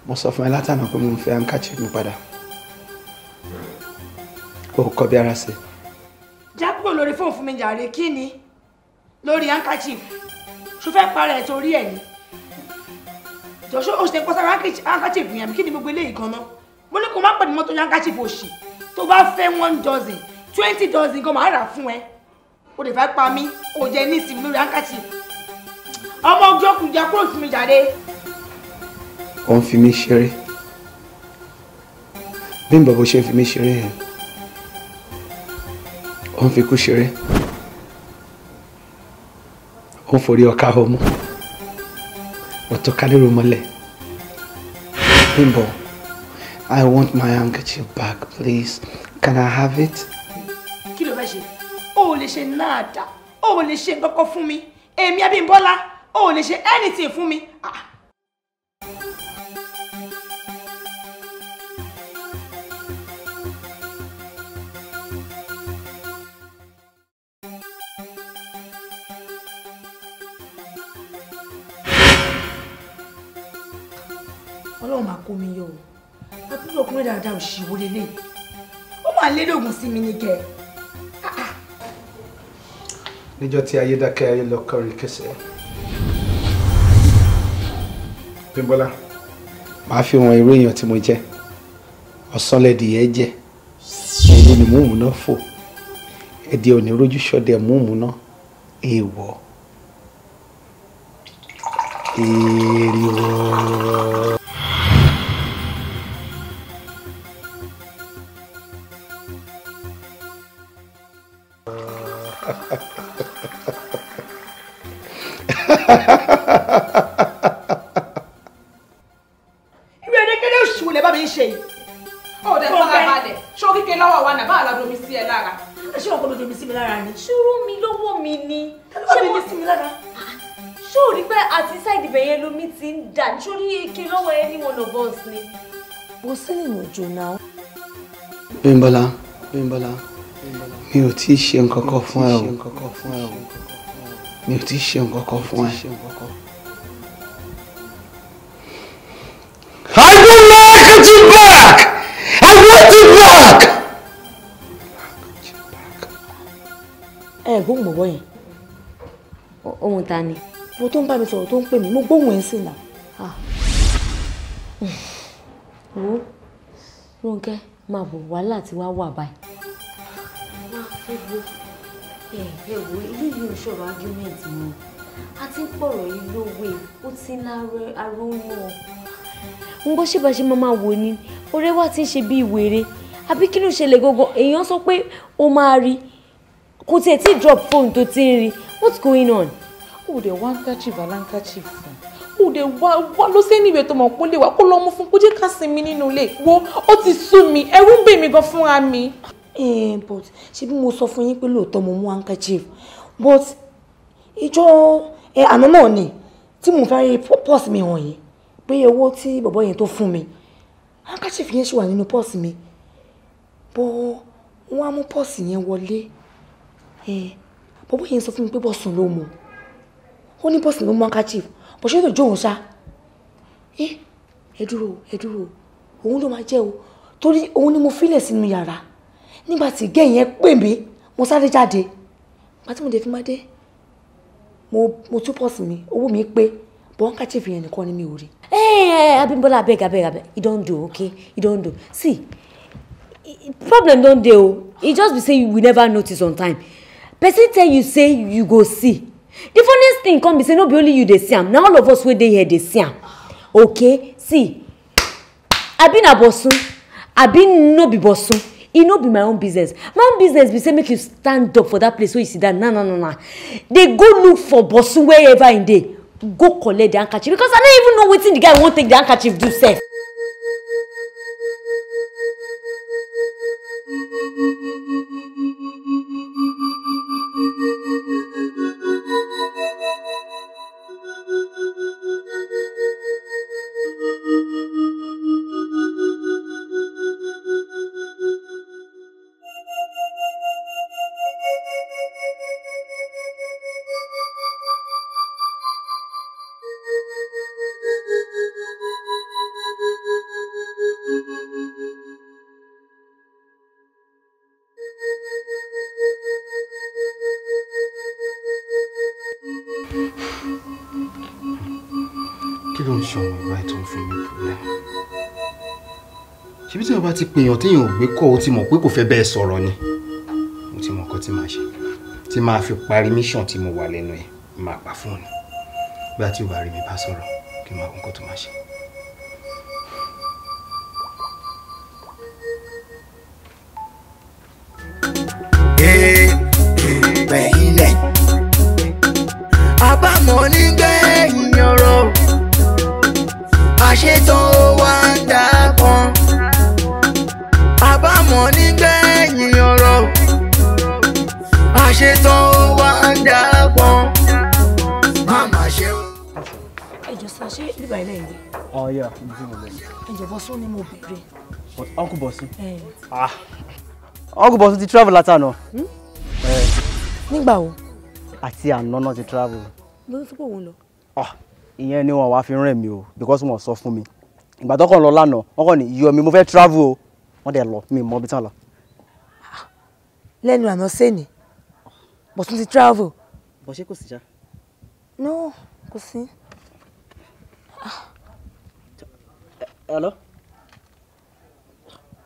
mo sọ fún ẹ látànà pé mo ń fẹ́ ankachi mi padà o kọ bí ara ṣe. já kúrò lórí fóònù fún mi jàre kí ni lórí handkerchief ṣo fẹ́ para ẹ̀ torí ẹ̀ ni jọ̀ṣọ́ o ṣe ń pọ́sára handkerchief yẹn àbí kí ni gbogbo eléyìí kan náà mo ní kó má pẹ̀lú mọ́tò handkerchief òṣì tó bá fẹ́ one dozen twenty dozen gan máa rà fún ẹ o lè fẹ́ pa mí o jẹ ní ìsinmi lórí handkerchief ọmọ ọjọ́ kù jà kúrò sí mi jáde. ó ń fi mí ṣeré bí n bàbá ṣe ń fi mí ṣeré yẹn ó ń fi kú ṣeré ó ń forí ọkà ọmọ ọtọka lérò mọ́lẹ̀ Bimbo, I want my handkerchief back, please. Can I have it? kí ló fẹ́ ṣe o ò lè ṣe náà dá o ò lè ṣe nǹkan fún mi èmi Abímbọ́lá o ò lè anything fún mi. Ah. ọlọ́run máa kó mi yọ o àbúrò ọkùnrin dáadáa ò ṣì wọlé lé ó máa lélògùn sí mi ní kẹ. Ah, ah. níjọ́ tí ayé dákẹ́ ayé lọ kọrin kẹsẹ̀. Bímbọ́lá. màá fi wọn irú èèyàn tí mo jẹ́ ọ̀sánlẹ̀dì yẹn jẹ́ èyí ni múùmù náà fò ẹ̀dì òní rojú ṣọdẹ múùmù náà èèwọ̀ èèwọ̀. Bímbọ́lá mi ò tí ì ṣe nǹkan fún ẹ o mi ò tí ṣe nǹkan fún ẹ. I would back! I want it back! Ẹ gbóhùn bọ̀bọ̀ yẹn, ohun ta ni? Mo tó ń bá mi sọ̀rọ̀ tó ń pè mí, mo gbóhùn ẹ̀ sí nà. Ah. Hmm. Wo, Rónkẹ́ máa bọ̀ wàhálà tí wàá wà báyìí. wá ẹ wo ẹ ẹ wo ilé yìí ò ṣọ̀rọ̀ argument mọ́ a ti ń pọ̀rọ̀ yìí lówe ó ti ń aró wọn. ń gbọ́ ṣé bá ṣe máa máa wò ni ọ̀rẹ́ wa ti ń ṣe bí ìwèrè àbí kí ló ṣẹlẹ̀ gangan èèyàn sọ pé ó máa rí kò tiẹ̀ tí drop phone tó ti ń rí what's going on. ó dẹ̀ wá ń kàchìf aláǹkàchìf fún kò dé wá wá lọ sí ẹnìwé tó mọ̀ kó lè wá kó lọ mú fún kó jẹ́ ká sinmi nínú ilé wo ó ti sú mi ẹ̀rù ń bè mí gan fúnra mi. ẹ eh, ẹ but ṣé bí mo sọ fún yín pé lóòótọ́ mo mú handkerchief but ìjọ ẹ eh, àná náà ni tí mo fẹ́ rí pọ́ọ̀sì mi hàn yìí pé owó tí bọ̀bọ̀ yẹn tó fún mi handkerchief yẹn ṣì wà nínú pọ́ọ̀sì mi bọ́ wọ́n á mú pọ́ọ̀sì yẹn wọlé eh, bọ̀bọ̀ yẹn sọ fún mi pé bọ́ọ̀sì ló mú ó ní bọ́ọ̀sì ló mú handkerchief bó ṣe lè jóun sá ẹ ẹ dúró ẹ dúró òun ló máa jẹ́ o torí òun ni mo fílẹ̀ sínú yàrá nígbà tí gẹ́ẹ̀ yẹn pè mí mo sáré jáde nígbà tí mo dé fi máa dé mo tú pọ́ọ̀sì mi owó mi pé bọ́n ká chief nìkan ni mi ò rí. ẹ ẹ Abímbọ́lá abeg abeg abeg e don do okay e don do see problem don dey o e just be say we never notice on time person tell you say you go see the funniest thing come be say no be only you dey see am na all of us wey dey here dey see am okay see abi na bosun abi no be bosun It e no be my own business my own business be say make you stand up for that place where you see that. Nah, nah, nah, nah. They go look for bosun wherever in e dey go collect the handkerchief because i no even know wetin the guy won't take the handkerchief do sef. ti pèèyàn téèyàn ò gbé kọ́ ó ti mọ̀ pé kò fẹ́ bẹ́ẹ̀ sọ̀rọ̀ ni mo ti mọ̀ nǹkan tí màá ṣe tí màá fi parí mission tí mo wà lẹ́nu ẹ̀ máa pa fóònù bí a ti wà rí mi bá sọ̀rọ̀ kí n máa kó tó máa ṣe. Oh yeah. ọ̀ya ìdí mi lẹ́yìn. ẹ̀jẹ̀ bọ́sùn ni mo béèrè. uncle bọ́sùn. ah uncle bọ́sùn ti travel látànà. Hmm? Eh. nígbà wo. àti àná náà ti travel. ló ń sọ́kò òun lọ. Ah, ìyẹn ni wọn wàá fi rìn mí o because wọn sọ fún mi ìgbà tó kàn lọ lánàá wọn kàn ní iyọ mi mo fẹ́ travel o wọn dẹ̀ lọ mi mọ ibi tán lọ. Ah, lẹ́nu àná sẹ́ni bọ́sùn ti travel. bọ́sẹ̀ kò sí já. no kò sí hello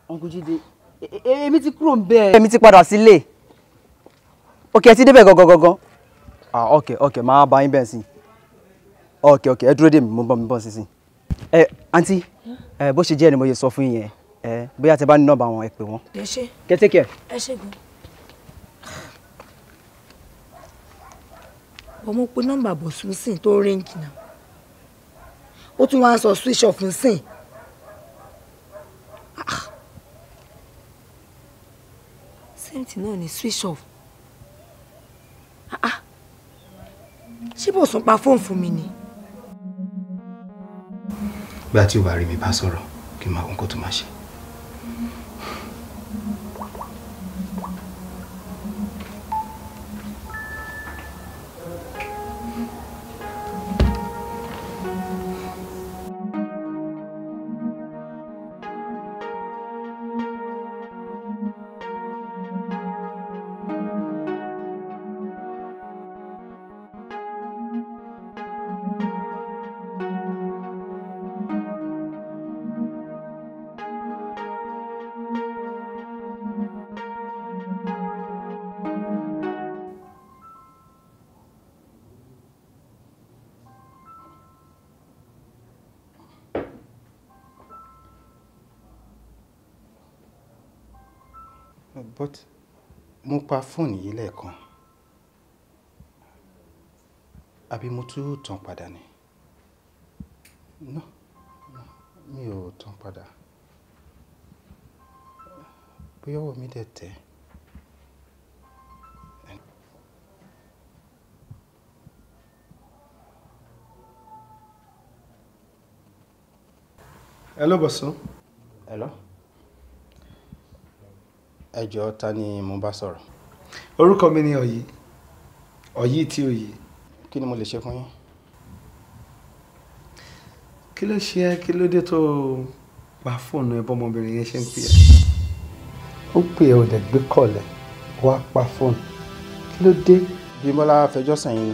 uncle Jídé e, e, èmi ti kúrò ńbẹ̀. èmi ti padà sílé òkè ẹ ti débẹ̀ gangan. ah ok ok máa bá yín bẹ́ẹ̀ sí ok ok ẹ dúró dè mí mo bọ́ mi bọ́ sí sí. ẹ àǹtí ẹ bó ṣe jẹ́ ni mo yẹ sọ fún yín eh, ẹ bóyá te bá ní nọ́ọ̀bà wọn ẹ pè wọ́n. ẹ ṣe kẹtẹkẹ. ẹ ṣe gan. ọmọ pé nọ́mbà bọ̀ sùn sí tó rẹ́ǹjì ó tún wá ń sọ switch off ń sìn. Ah. sẹ́ǹtì náà ni switch off ah, ah. ṣé bòsùn pa fóònù fún mi ni. bí a ti wà rí mi bá sọ̀rọ̀ kí n máa kó tó máa ṣe. but mo pa fóònù yìí lẹ́ẹ̀kan àbí mo tún tàn padà ni no mi ò tàn padà bóyá ọwọ́ mi dẹ̀ tẹ̀. Hello, Bosun. Hello ẹ jọ̀ọ́ ta ni mo bá sọ̀rọ̀. orúkọ mi ni ọ̀yí ọ̀yí tí òye. kí ni mo lè ṣe fún yín. kí ló ṣe ẹ́ kí ló dé tó pa fóònù ẹ bọ́mọbìnrin yẹn ṣe ń pè ẹ́. ó pè ẹ́ ò dẹ̀ gbé kọ̀lẹ̀ wá pa fóònù kí ló dé. Bímbọ́lá fẹjọ́ sàn ni.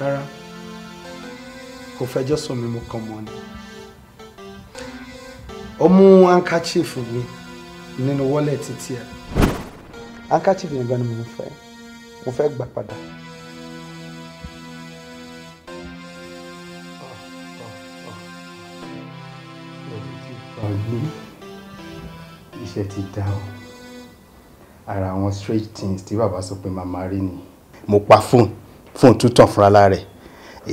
rárá kò fẹjọ́ sùn mi mo kàn mọ́ ni ó mú handkerchief mi nínú wọ́lẹ̀tì tiẹ̀ handkerchief yẹn gan ni mo fẹ́ mo fẹ́ gbà padà. ọgbọ́n iṣẹ́ ti dá o ara àwọn straight things tí bàbá sọ pé màmá rí ni. mo pa fóònù fóònù tún tàn fúnra lára ẹ̀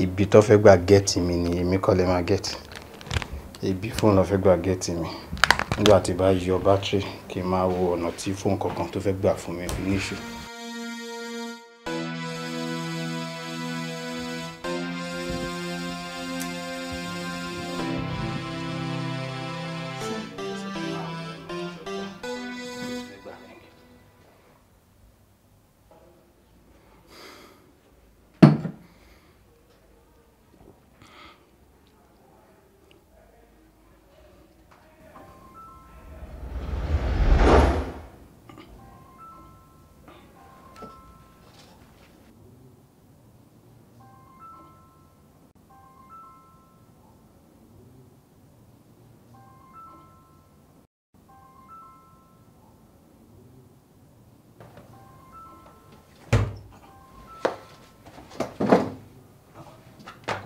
ibi tó fẹ́ gbà gẹ́ẹ̀tì mi ni èmi kọ́ lè máa gẹ́ẹ̀tì ibi fóònù ló fẹ́ gbà gẹ́ẹ̀tì mi nígbà tí bá yọ bátìrì kí n máa wo ọ̀nà tí fóònù kankan tó fẹ́ gbà fún mi ní ìṣù.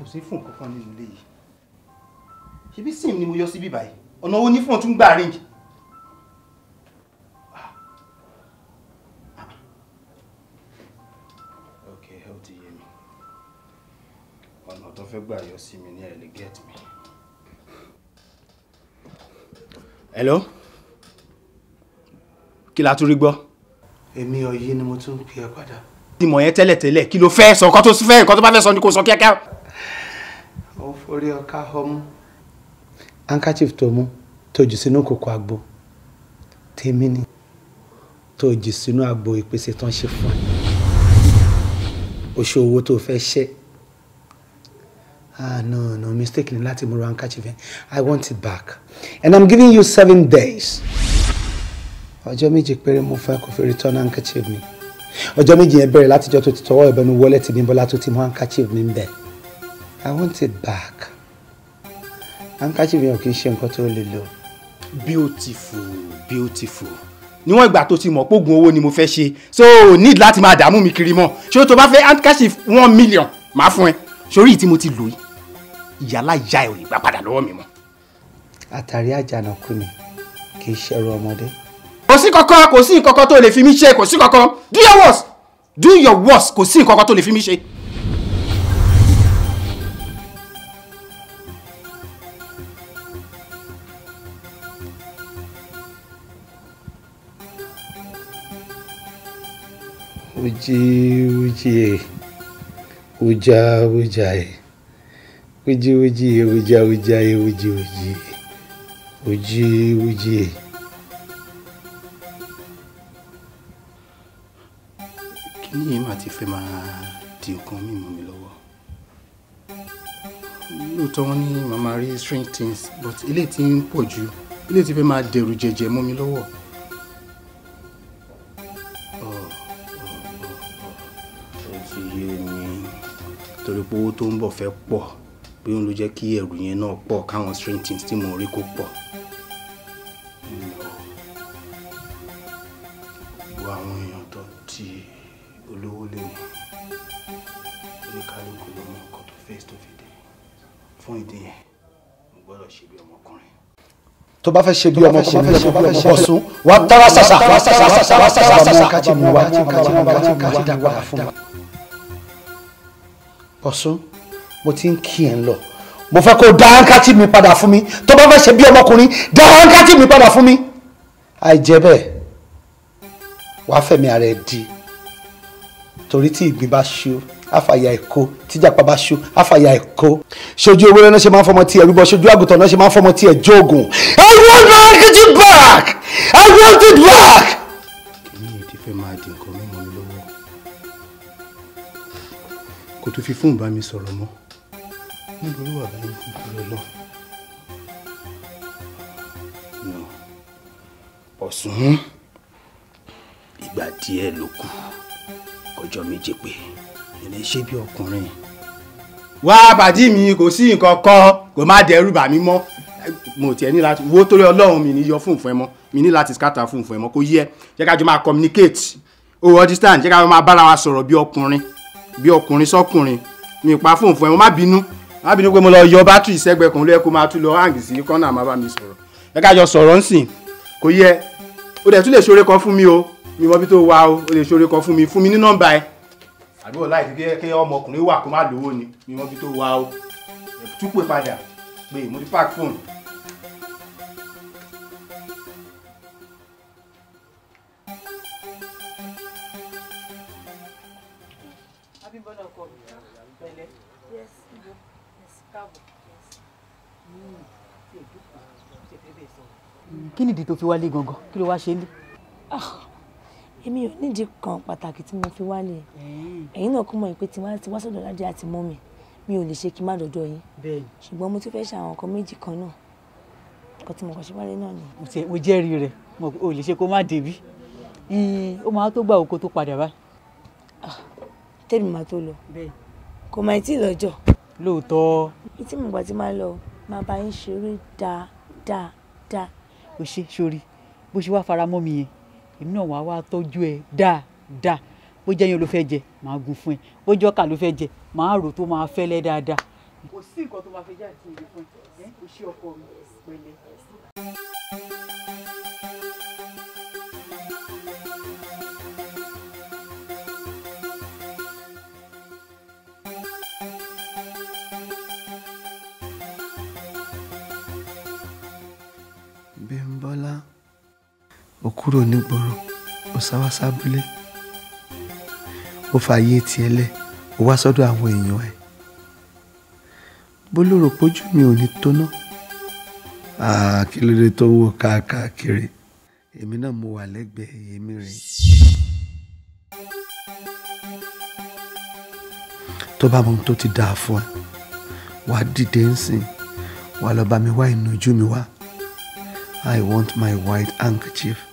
sí fún kankan nínú ilé yìí ṣebí sim ni mo yọ síbí báyìí ọ̀nà owó ní fún ọ̀tún gbà arrange. Ah. okay ó ti yé mi ọ̀nà tó fẹ́ gbà yọ sí mi ní ẹ̀ lè get me. hello kí la tún rí gbọ́. èmi ọ̀yí ni mo tún ń pè é padà. ìmọ̀ yẹn tẹ́lẹ̀tẹ́lẹ̀ kí ló fẹ́ sọ nǹkan tó fẹ́ nǹkan tó bá fẹ́ sọ ni kò sọ kíákíá orí ọ̀ka ọmú handkerchief tó mú tó jù sínú kòkó àgbo tèmi ni tó jù sínú àgbo ìpèsè tán ṣe fún ẹ oṣù owó tó fẹ́ ṣẹ́ ah no no mistake ni láti múra handkerchief yẹn i want it back and i'm giving you seven days ọjọ́ méje péré mo fẹ́ kó fi return handkerchief mi ọjọ́ méje yẹn bẹ̀rẹ̀ látijọ́ tó ti tọwọ́ ìbẹnu wọlé tì ní bọ́lá tó ti mú handkerchief mi ń bẹ̀ẹ́. I want it back. I'm catching your kì and ṣe all the lè lò. beautiful beautiful níwọ̀n ìgbà tó ti mọ̀ pé oògùn owó ni mo fẹ́ ṣe so need láti máa dààmú mi kiri mọ́ ṣé o tó bá fẹ́ handkerchief one million ma fún ẹ sórí tí mo ti lò yìí ìyálà ìyá ẹ ò lè gbà padà lọ́wọ́ mi mọ́. àtàrí àjànàkú ni kì í ṣẹrù ọmọdé. kò sí kankan kò sí nǹkan kan tó lè fi mí ṣe kò sí kankan do your worst do your worst kò sí nǹkan kan tó lè fi mí ṣe. oje oje oja oja e oje oje oja oja e oje oje oje oje. kí ni èèmà ti fẹ́ máa di nǹkan mímu mi lọ́wọ́ lóòótọ́ wọn ní màmá rí strange things but ilé tí ń pọ̀ jù ilé tí fẹ́ máa dẹ̀rù jẹ̀jẹ̀ mọ́ mi lọ́wọ́. rí pé owó tó ń bọ̀ fẹ́ pọ̀ bí òun ló jẹ́ kí ẹ̀rù yẹn náà pọ̀ káwọn string tí mo rí kó pọ̀. gbogbo àwọn èèyàn tó ti olówó lè mọ oníkálukú ló mọ ọkọ tó fẹ́ tó fi dé fún ìdí yẹn mo gbọ́dọ̀ ṣe bí ọmọkùnrin tó bá fẹ́ ṣe bí ọmọ kò fẹ́ ṣe ọ̀sùn wà á tara ṣàṣà wà á ṣàṣà wà á ṣàṣà wà á ṣàṣà wà á mú kájí mú wa kájí mú wa kájí dàgbà fún wa. Ọ̀ṣun mo ti ń kí ẹ̀ ń lọ mo fẹ́ kó dá háńkátì mi padà fún mi tó bá fẹ́ ṣe bí ọmọkùnrin dá háńkátì mi padà fún mi àìjẹ́ bẹ́ẹ̀ wàá fẹ̀mí ara ẹ̀ di torí tí ìgbín bá ṣú àfàyà ẹ̀kọ́ tíjàpá bá ṣú àfàyà ẹ̀kọ́ ṣojú ewúrẹ́ náà ṣe máa ń fọmọ tiẹ̀ rúbọ ṣojú àgùntàn náà ṣe máa ń fọmọ tiẹ̀ jóògùn I want my handkerchief back I want it back kò tún fi fóònù bá mi sọ̀rọ̀ mọ́ níbo ló wà báyìí fún ìpínlẹ̀ lọ. ọ̀sùn ìgbà díẹ̀ ló kù kọjọ́ méje pé ilé ṣé bí ọkùnrin. wá bàdí mi kò sí nǹkan kan kò má dẹrù bà mí mọ́ mo tiẹ̀ ní láti wo torí ọlọ́run mi ní yọ fún ìfún ẹ mọ́ mi ní láti scatter fún ìfún ẹ mọ́ kó yẹ jẹ́ ká jọ máa communicate o understand jẹ́ ká máa bára wa sọ̀rọ̀ bí ọkùnrin bí ọkùnrin sọkùnrin mi pa fóun fún ẹ mo má bínú má bínú pé mo lọ yọ bátìrì sẹ́gbẹ̀ẹ́ kan ló yẹ kó máa tún lọ hàǹgì sí kọ́nà má bá mi sọ̀rọ̀ ẹ ká jọ sọ̀rọ̀ ń sìn kò yẹ o dẹ̀ tún lè ṣoore kan fún mi o mi mọ bí tó wà o o lè ṣoore kan fún mi fún mi ní nọ́mbà ẹ. àbúrò láì fi kí ọmọkùnrin wà kó má lówó ni mi mọ bí tó wà o túpè padà pé mo ti pàk fóònù kí nìdí tó fi wálé gangan kí ló wá ṣe lé. Ah, èmi ò nídìí kan pàtàkì tí mo fi wálé hmm. ẹ̀yin náà kó mọ̀ pé tiwa tiwa sọ̀dọ̀ ládé àti mọ́mì mi ò lè ṣe kí n má dọ̀dọ̀ yín ṣùgbọ́n mo tún fẹ́ ṣe àwọn nǹkan méjì kan náà nǹkan tí mo kàn ṣe wálé náà ni. mo jẹ́rìí rẹ̀ o lè ṣe kó má débí ó máa tó gba òkò tó padà bá. Ah, tèmi máa tó lọ kò máa tí ì lọ́jọ́. lóòótọ́. etí mi tí máa lọ máa bá yín ṣeré dáadáa o ṣe sórí bó ṣe wá fara mọ́ mi yẹn èmi náà wàá wá tọ́jú ẹ dáadáa bó jẹ́ yẹn ló fẹ́ jẹ màá gún fún ẹ bó jẹ́ ọkà ló fẹ́ jẹ màá rò tó máa fẹ́lẹ́ dáadáa. kò sí nǹkan tó máa fẹ́ jáde tó yẹ fún ẹ kò sí ọkọ mi pẹ̀lẹ́. Bọ́lá ó kúrò nígboro ó sá wá sábúlé ó fààyè tiẹ̀ lẹ̀ ó wá sọ́dọ̀ àwọn èèyàn ẹ̀ bó pójú mi ò ní tóná kí ló dé tó ń wò káàkiri èmi náà mo wà lẹ́gbẹ̀ẹ́ èmi rèé. tó bá mọ tó ti dáa fún ẹ wàá dìde ń sìn wàá lọ bá mi wá ìnújú mi wá. I want my white handkerchief.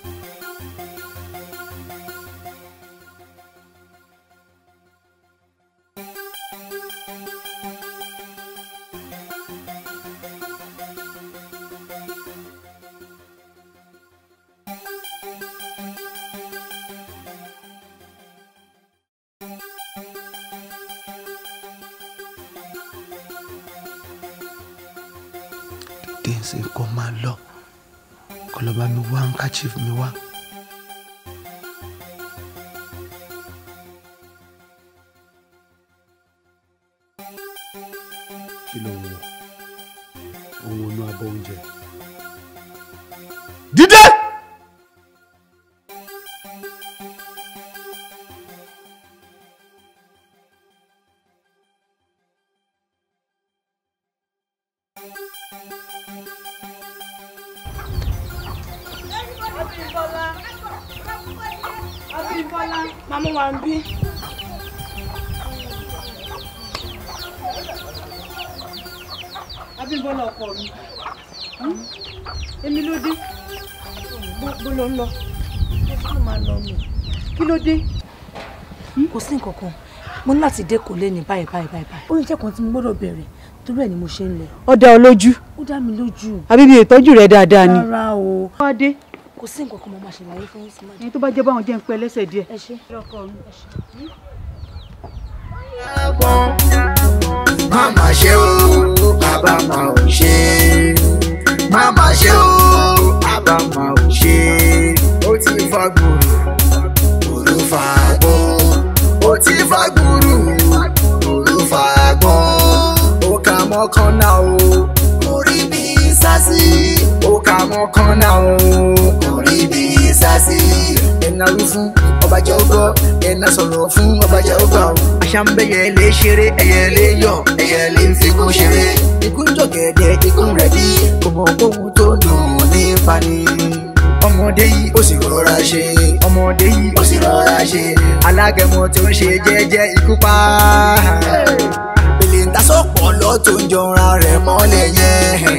kò sí nǹkan kan mo ní láti dé kò lé ní báyìí báyìí báyìí. ó ní iṣẹ́ kan tí mo gbọ́dọ̀ bẹ̀rẹ̀ torí ẹ̀ ni mo ṣe ń lẹ̀. ó dá ọ lójú. ó dá mi lójú. àbí ìtọ́jú rẹ dáadáa ni. rárá o. wá dé. kò sí nǹkan kan mo máa ṣèlàyé fún yín ẹni tó bá jẹ́ báwọn jẹ́ ń pẹ́ lẹ́sẹ̀ díẹ̀. ẹ ṣe. má má ṣe o bàbá má ò ṣe má má ṣe o bàbá má ò ṣe ó ti fọ́gbọ̀n mo ti fa gbùrù olùfàgbọ́n ó kà mọ́ kan náà o orí bí sásì ó kà mọ́ kan náà o orí bí sásì ẹ̀nà wí fún ọbàjẹ́ ó gbọ́ ẹ̀nà sọ̀rọ̀ fún ọbàjẹ́ ó gbà o. àṣà ń bẹ̀yẹ̀ lè ṣeré ẹ̀yẹ̀ lè yọ ẹ̀yẹ̀ lè fi kún ṣeré ikú ń jọ̀gẹ̀dẹ̀ ikú rẹ̀ dí kò mọ̀ kóhun tó dùn ní fani ọmọdé yìí ó sì rọra ṣe ọmọdé yìí ó sì rọra ṣe alágẹmọ tó ń ṣe jẹ́jẹ́ ikú pa. pèlè ń lọ tó ń jọra rẹ̀ mọ́lẹ̀ yẹn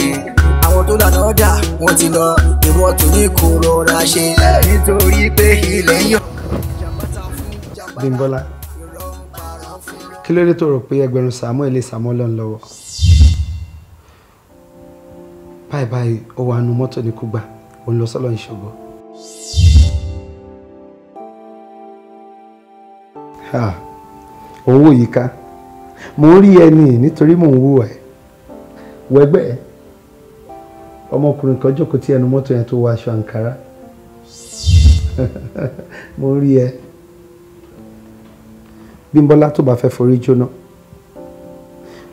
àwọn tó lànà dà wọ́n ti lọ ìwọ tó ní kó rọra ṣe nítorí pé ilẹ̀ yàn. Bímbọ́lá kí ló dé tó rò pé ẹgbẹ̀rún Samuel lè Samuel lọ́n lọ́wọ́ báyìí báyìí ó wà nù mọ́tò ní kúgbà ó lọ sọ́lọ́ ìṣògo. owó yìí ká mo rí ẹni nítorí mò ń wúwa ẹ wẹgbẹ ọmọkùnrin kan jókòó tí ẹnu mọ́tò yẹn tó wọ aṣọ àǹkárá mo rí ẹ Bímbọ́lá tó bá fẹ́ forí jóná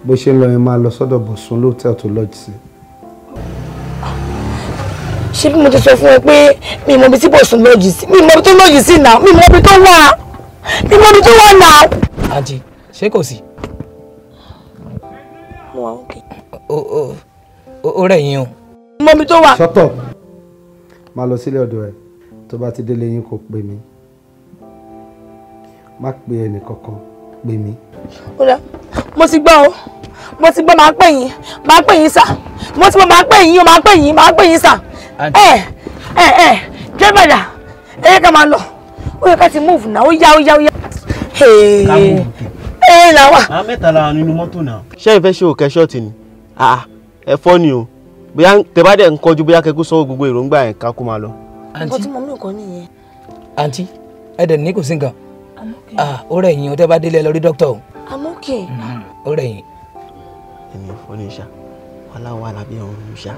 bó ṣe ń lọ yẹn máa lọ sọ́dọ̀ Bọ̀sún lóòótọ́ tó lọ́jì sí i ṣé bí mo ti sọ fún ẹ pé mi mọ ibi tí bọ̀sùn lọ́ọ̀jì sí mi mọ ibi tó lọ́ọ̀jì sí náà mi mọ ibi tó wà mi mọ ibi tó wà náà. àǹtí ṣé kò sí. mo wà ókè. o o o rẹ̀ yín o. mo mọ ibi tó wà. sọ́tọ̀ máa lọ sílé ọ̀dọ̀ ẹ̀ tó bá ti délé yín kò pè mí má pe ẹnì kankan pè mí. ó mo ti gbọ́ o mo ti gbọ́ máa pè yín máa pè yín sà mo ti gbọ́ máa pè yín o máa pè yín máa pè yín sà. Eh, eh, eh, ẹ ẹ ẹ dírẹ́bà dà ẹ yẹ ká máa lọ ó yẹ ká ti move náà ó yá ó yá ó yá. ẹ là wà. a mẹ́ta la nínú mọ́tò náà. ṣé ẹ fẹ́ ṣe òkè ṣọ́ọ̀tì ni ah, ah, ẹ fọ́ ni o bóyá tẹ́bá dẹ̀ ń kọjú bóyá kẹ́kú sọ́wọ́ gbogbo èròǹgbà ẹ̀ ká kó máa lọ. nǹkan tí mo mú nǹkan nìyẹn. àǹtí ẹ dẹ̀ ní kò sí nǹkan ah, ó rẹ̀ yín o tẹ́ bá délé lọ rí dókítà o. I'm okay. Mm-hmm. ó rẹ̀ yín. ẹni fọ́ ní ṣá wàhálà wà lábẹ́ ọ̀run ṣá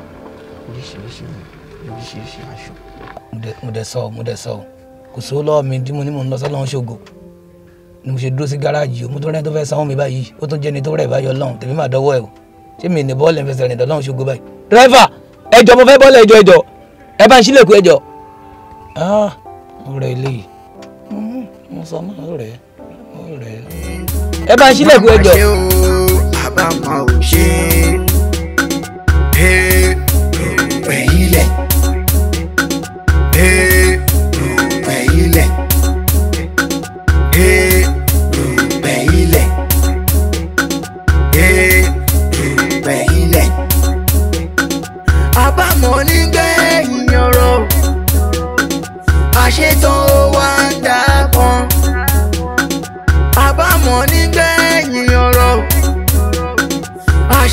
oríṣiríṣi ni oríṣiríṣi aṣọ mo dẹ̀ sọ mo dẹ̀ sọ kò sówó lọ́wọ́ mi tí mo ní mò ń lọ sọ́lọ́run ṣògo ni mo ṣe dúró sí gáràjì o mo tún rẹ́ tó fẹ́ sanwó mi báyìí ó tún jẹ́ni tó rẹ̀ báyọ̀ lọ́hùn tèmi máa dọ́wọ́ ẹ̀ o ṣé mi ní bọ́ọ̀lù ẹ̀fẹsẹ̀ rìn dọ́lọ́hùn ṣògo báyìí. dírẹ́fà ẹjọ́ mo fẹ́ bọ́ọ̀lù ẹjọ́ ẹjọ́ ẹ bá ń sílẹ̀kùn ẹjọ́. ọ̀rẹ́ ah, ilé yìí hmm, mo sọ mọ́ ọ̀rẹ́ ọ̀rẹ́. ẹ bá ń sílẹ̀kùn ẹjọ́. àbámọ̀ ò ṣe é pẹ̀yìlẹ̀.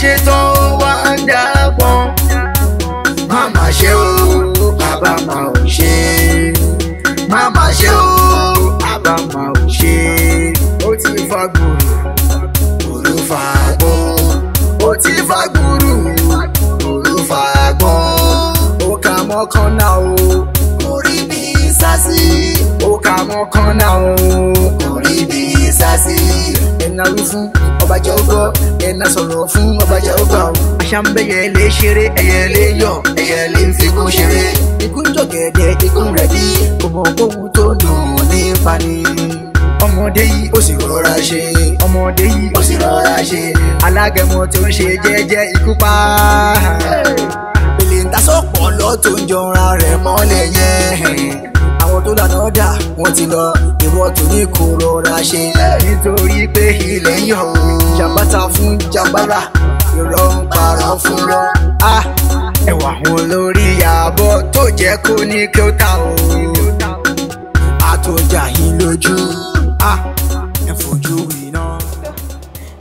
ṣe tán wá ń dàgbọ́n má má ṣe o àbámà ò ṣe má má ṣe o àbámà ò ṣe ó ti fa gbòòrò gbòòrò fa gbòòrò ó ti fa gbòòrò gbòòrò fa gbòòrò ó kà mọ́ kan náà o orí mi sásì ó kà mọ́ kan náà o orí mi sásì ẹ̀ náà wí fún ọbàjá ó gbọ́ ẹ̀nà sọ̀rọ̀ fún ọbàjá ó gbà ó. àṣà ń bẹ̀yẹ̀ lè ṣeré ẹ̀yẹ lè yọ̀ ẹ̀yẹ lè fikún ṣeré. ikún jọ̀gẹ̀dẹ̀ ikún rẹ̀ dí òmòkóhun tó dùn ní fani. ọmọdé yìí ó sì rọra ṣe ọmọdé yìí ó sì rọra ṣe alágẹmọ tó ń ṣe jẹ́jẹ́ ikú pa á. èlé ń tasọ́pọ̀ lọ́ tó ń jọra rẹ̀ mọ́lẹ̀ yẹn àwọn tó lànà dà wọ́n ti lọ ìwọ tó ní kó rọra ṣe. nítorí pé ilẹ̀ ń yọ̀ jàmbátà fún jàmbára irọ́ ń para fúnra. ẹ̀wà wọn lórí ààbọ̀ tó jẹ́ kó ní kí ó ta òun. àtọ̀jà yìí lójú ẹ fojú iná.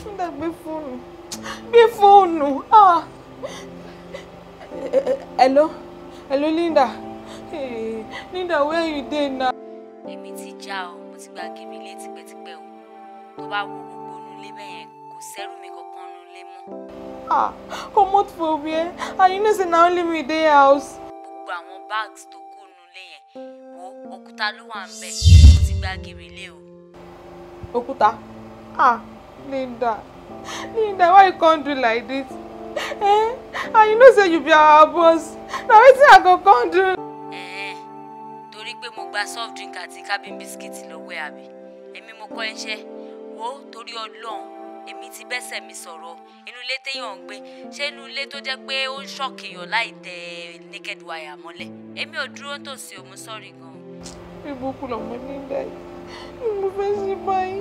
nígbà gbé fóònù gbé fóònù. hello hello Linda. Linda, where you dey now? Èmi ti já o, mo ti gba gèmí ilé tipẹ́tipẹ́ o. Tó bá wo gbogbo nulé bẹ́ẹ̀ yẹn, kò sẹ́rù mi kankan nulé mọ́. Ah, comot for where? And ah, you know say na only me dey house. Gbogbo àwọn bags tó kù nulé yẹn, wo òkúta ló wà ń mo ti gba gèmí ilé o. Òkúta? Ah, Linda, Linda, why you come do like this? Eh? And ah, you know say you be our boss. Na wetin I go come do? pé mo gba soft drink àti cabin biscuit lọ́wọ́ ẹ̀ àbí èmi mo kọ́ iṣẹ́ wo torí ọlọ́run èmi ti bẹ́sẹ̀ mi sọ̀rọ̀ inú ilé téèyàn ń gbé ṣé inú ilé tó jẹ́ pé ó ń ṣọ̀kì èèyàn láì tẹ naked wire mọ́lẹ̀ èmi ò dúró tòsí òmu sọ́ọ̀rì gan. ìbùkún lọmọ nílẹ̀ ni mo fẹ́ ṣe báyìí.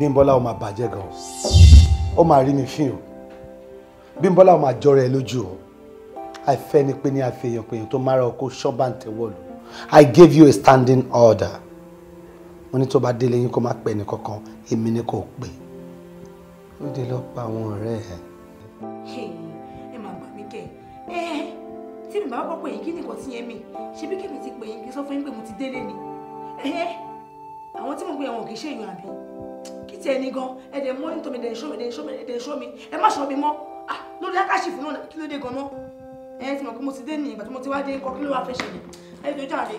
Bímbọ́lá ó máa bàjẹ́ gan ó máa rí mi fín o Bímbọ́lá ó máa jọra ẹ lójú o àìfẹ́ ni pé ní àfihàn pé èèyàn tó mára ọkọ ṣọ́bàǹtẹ̀ wọ̀lú I gave you a standing order mo ní tó bá délé yín kó má pẹ́ ní kankan èmi ni kò pè ó dé lọ pa àwọn ọ̀rẹ́ ẹ̀. ẹ máa gbà mí kẹ ẹ tí mi bàbá kọ́kọ́ èyí kí nìkan ti yẹn mi ṣebí kẹ́mi ti pè yín kí sọ fún yín pé mo ti délé ni àwọn tí mo gbé ẹ̀wọ̀n kì í ṣèyàn àbí ti ẹni gan ẹ dẹ̀ mọ́ nítorí dẹ̀ ṣọ́ mi dẹ̀ ṣọ́ mi dẹ̀ ṣọ́ mi ẹ má ṣọ́ mi mọ́ ah lórí akáṣì fún náà kí ló dé gan náà ẹ ti mọ̀ pé mo ti dé nìyẹn ìgbà tí mo ti wá dé nǹkan kí ló wá fẹ́ ṣẹlẹ̀ ẹ jọjọ́ àdé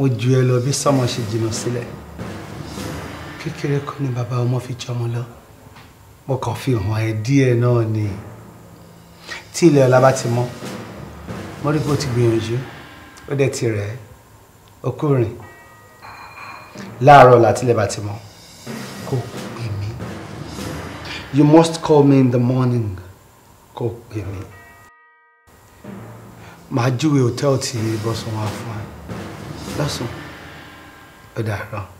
mo ju ẹ lọ bí sọmọ ṣe jìnnà sílẹ̀ kékeré kọ́ ni bàbá ọmọ fi jọmọ lọ mo kàn fi hàn ẹ díẹ̀ náà ni tí ilẹ̀ ọ̀la bá ti mọ́ mo rí pé ti gbìyànjú ó dẹ̀ ti rẹ̀ ó kú rìn bá ti mọ́ kò pè mí you must call me in the morning kò pè mí màá júwe hòtẹ́ẹ̀lì tí bọ́sùn wá fún ẹ. lọ́sùn ó dàárọ̀.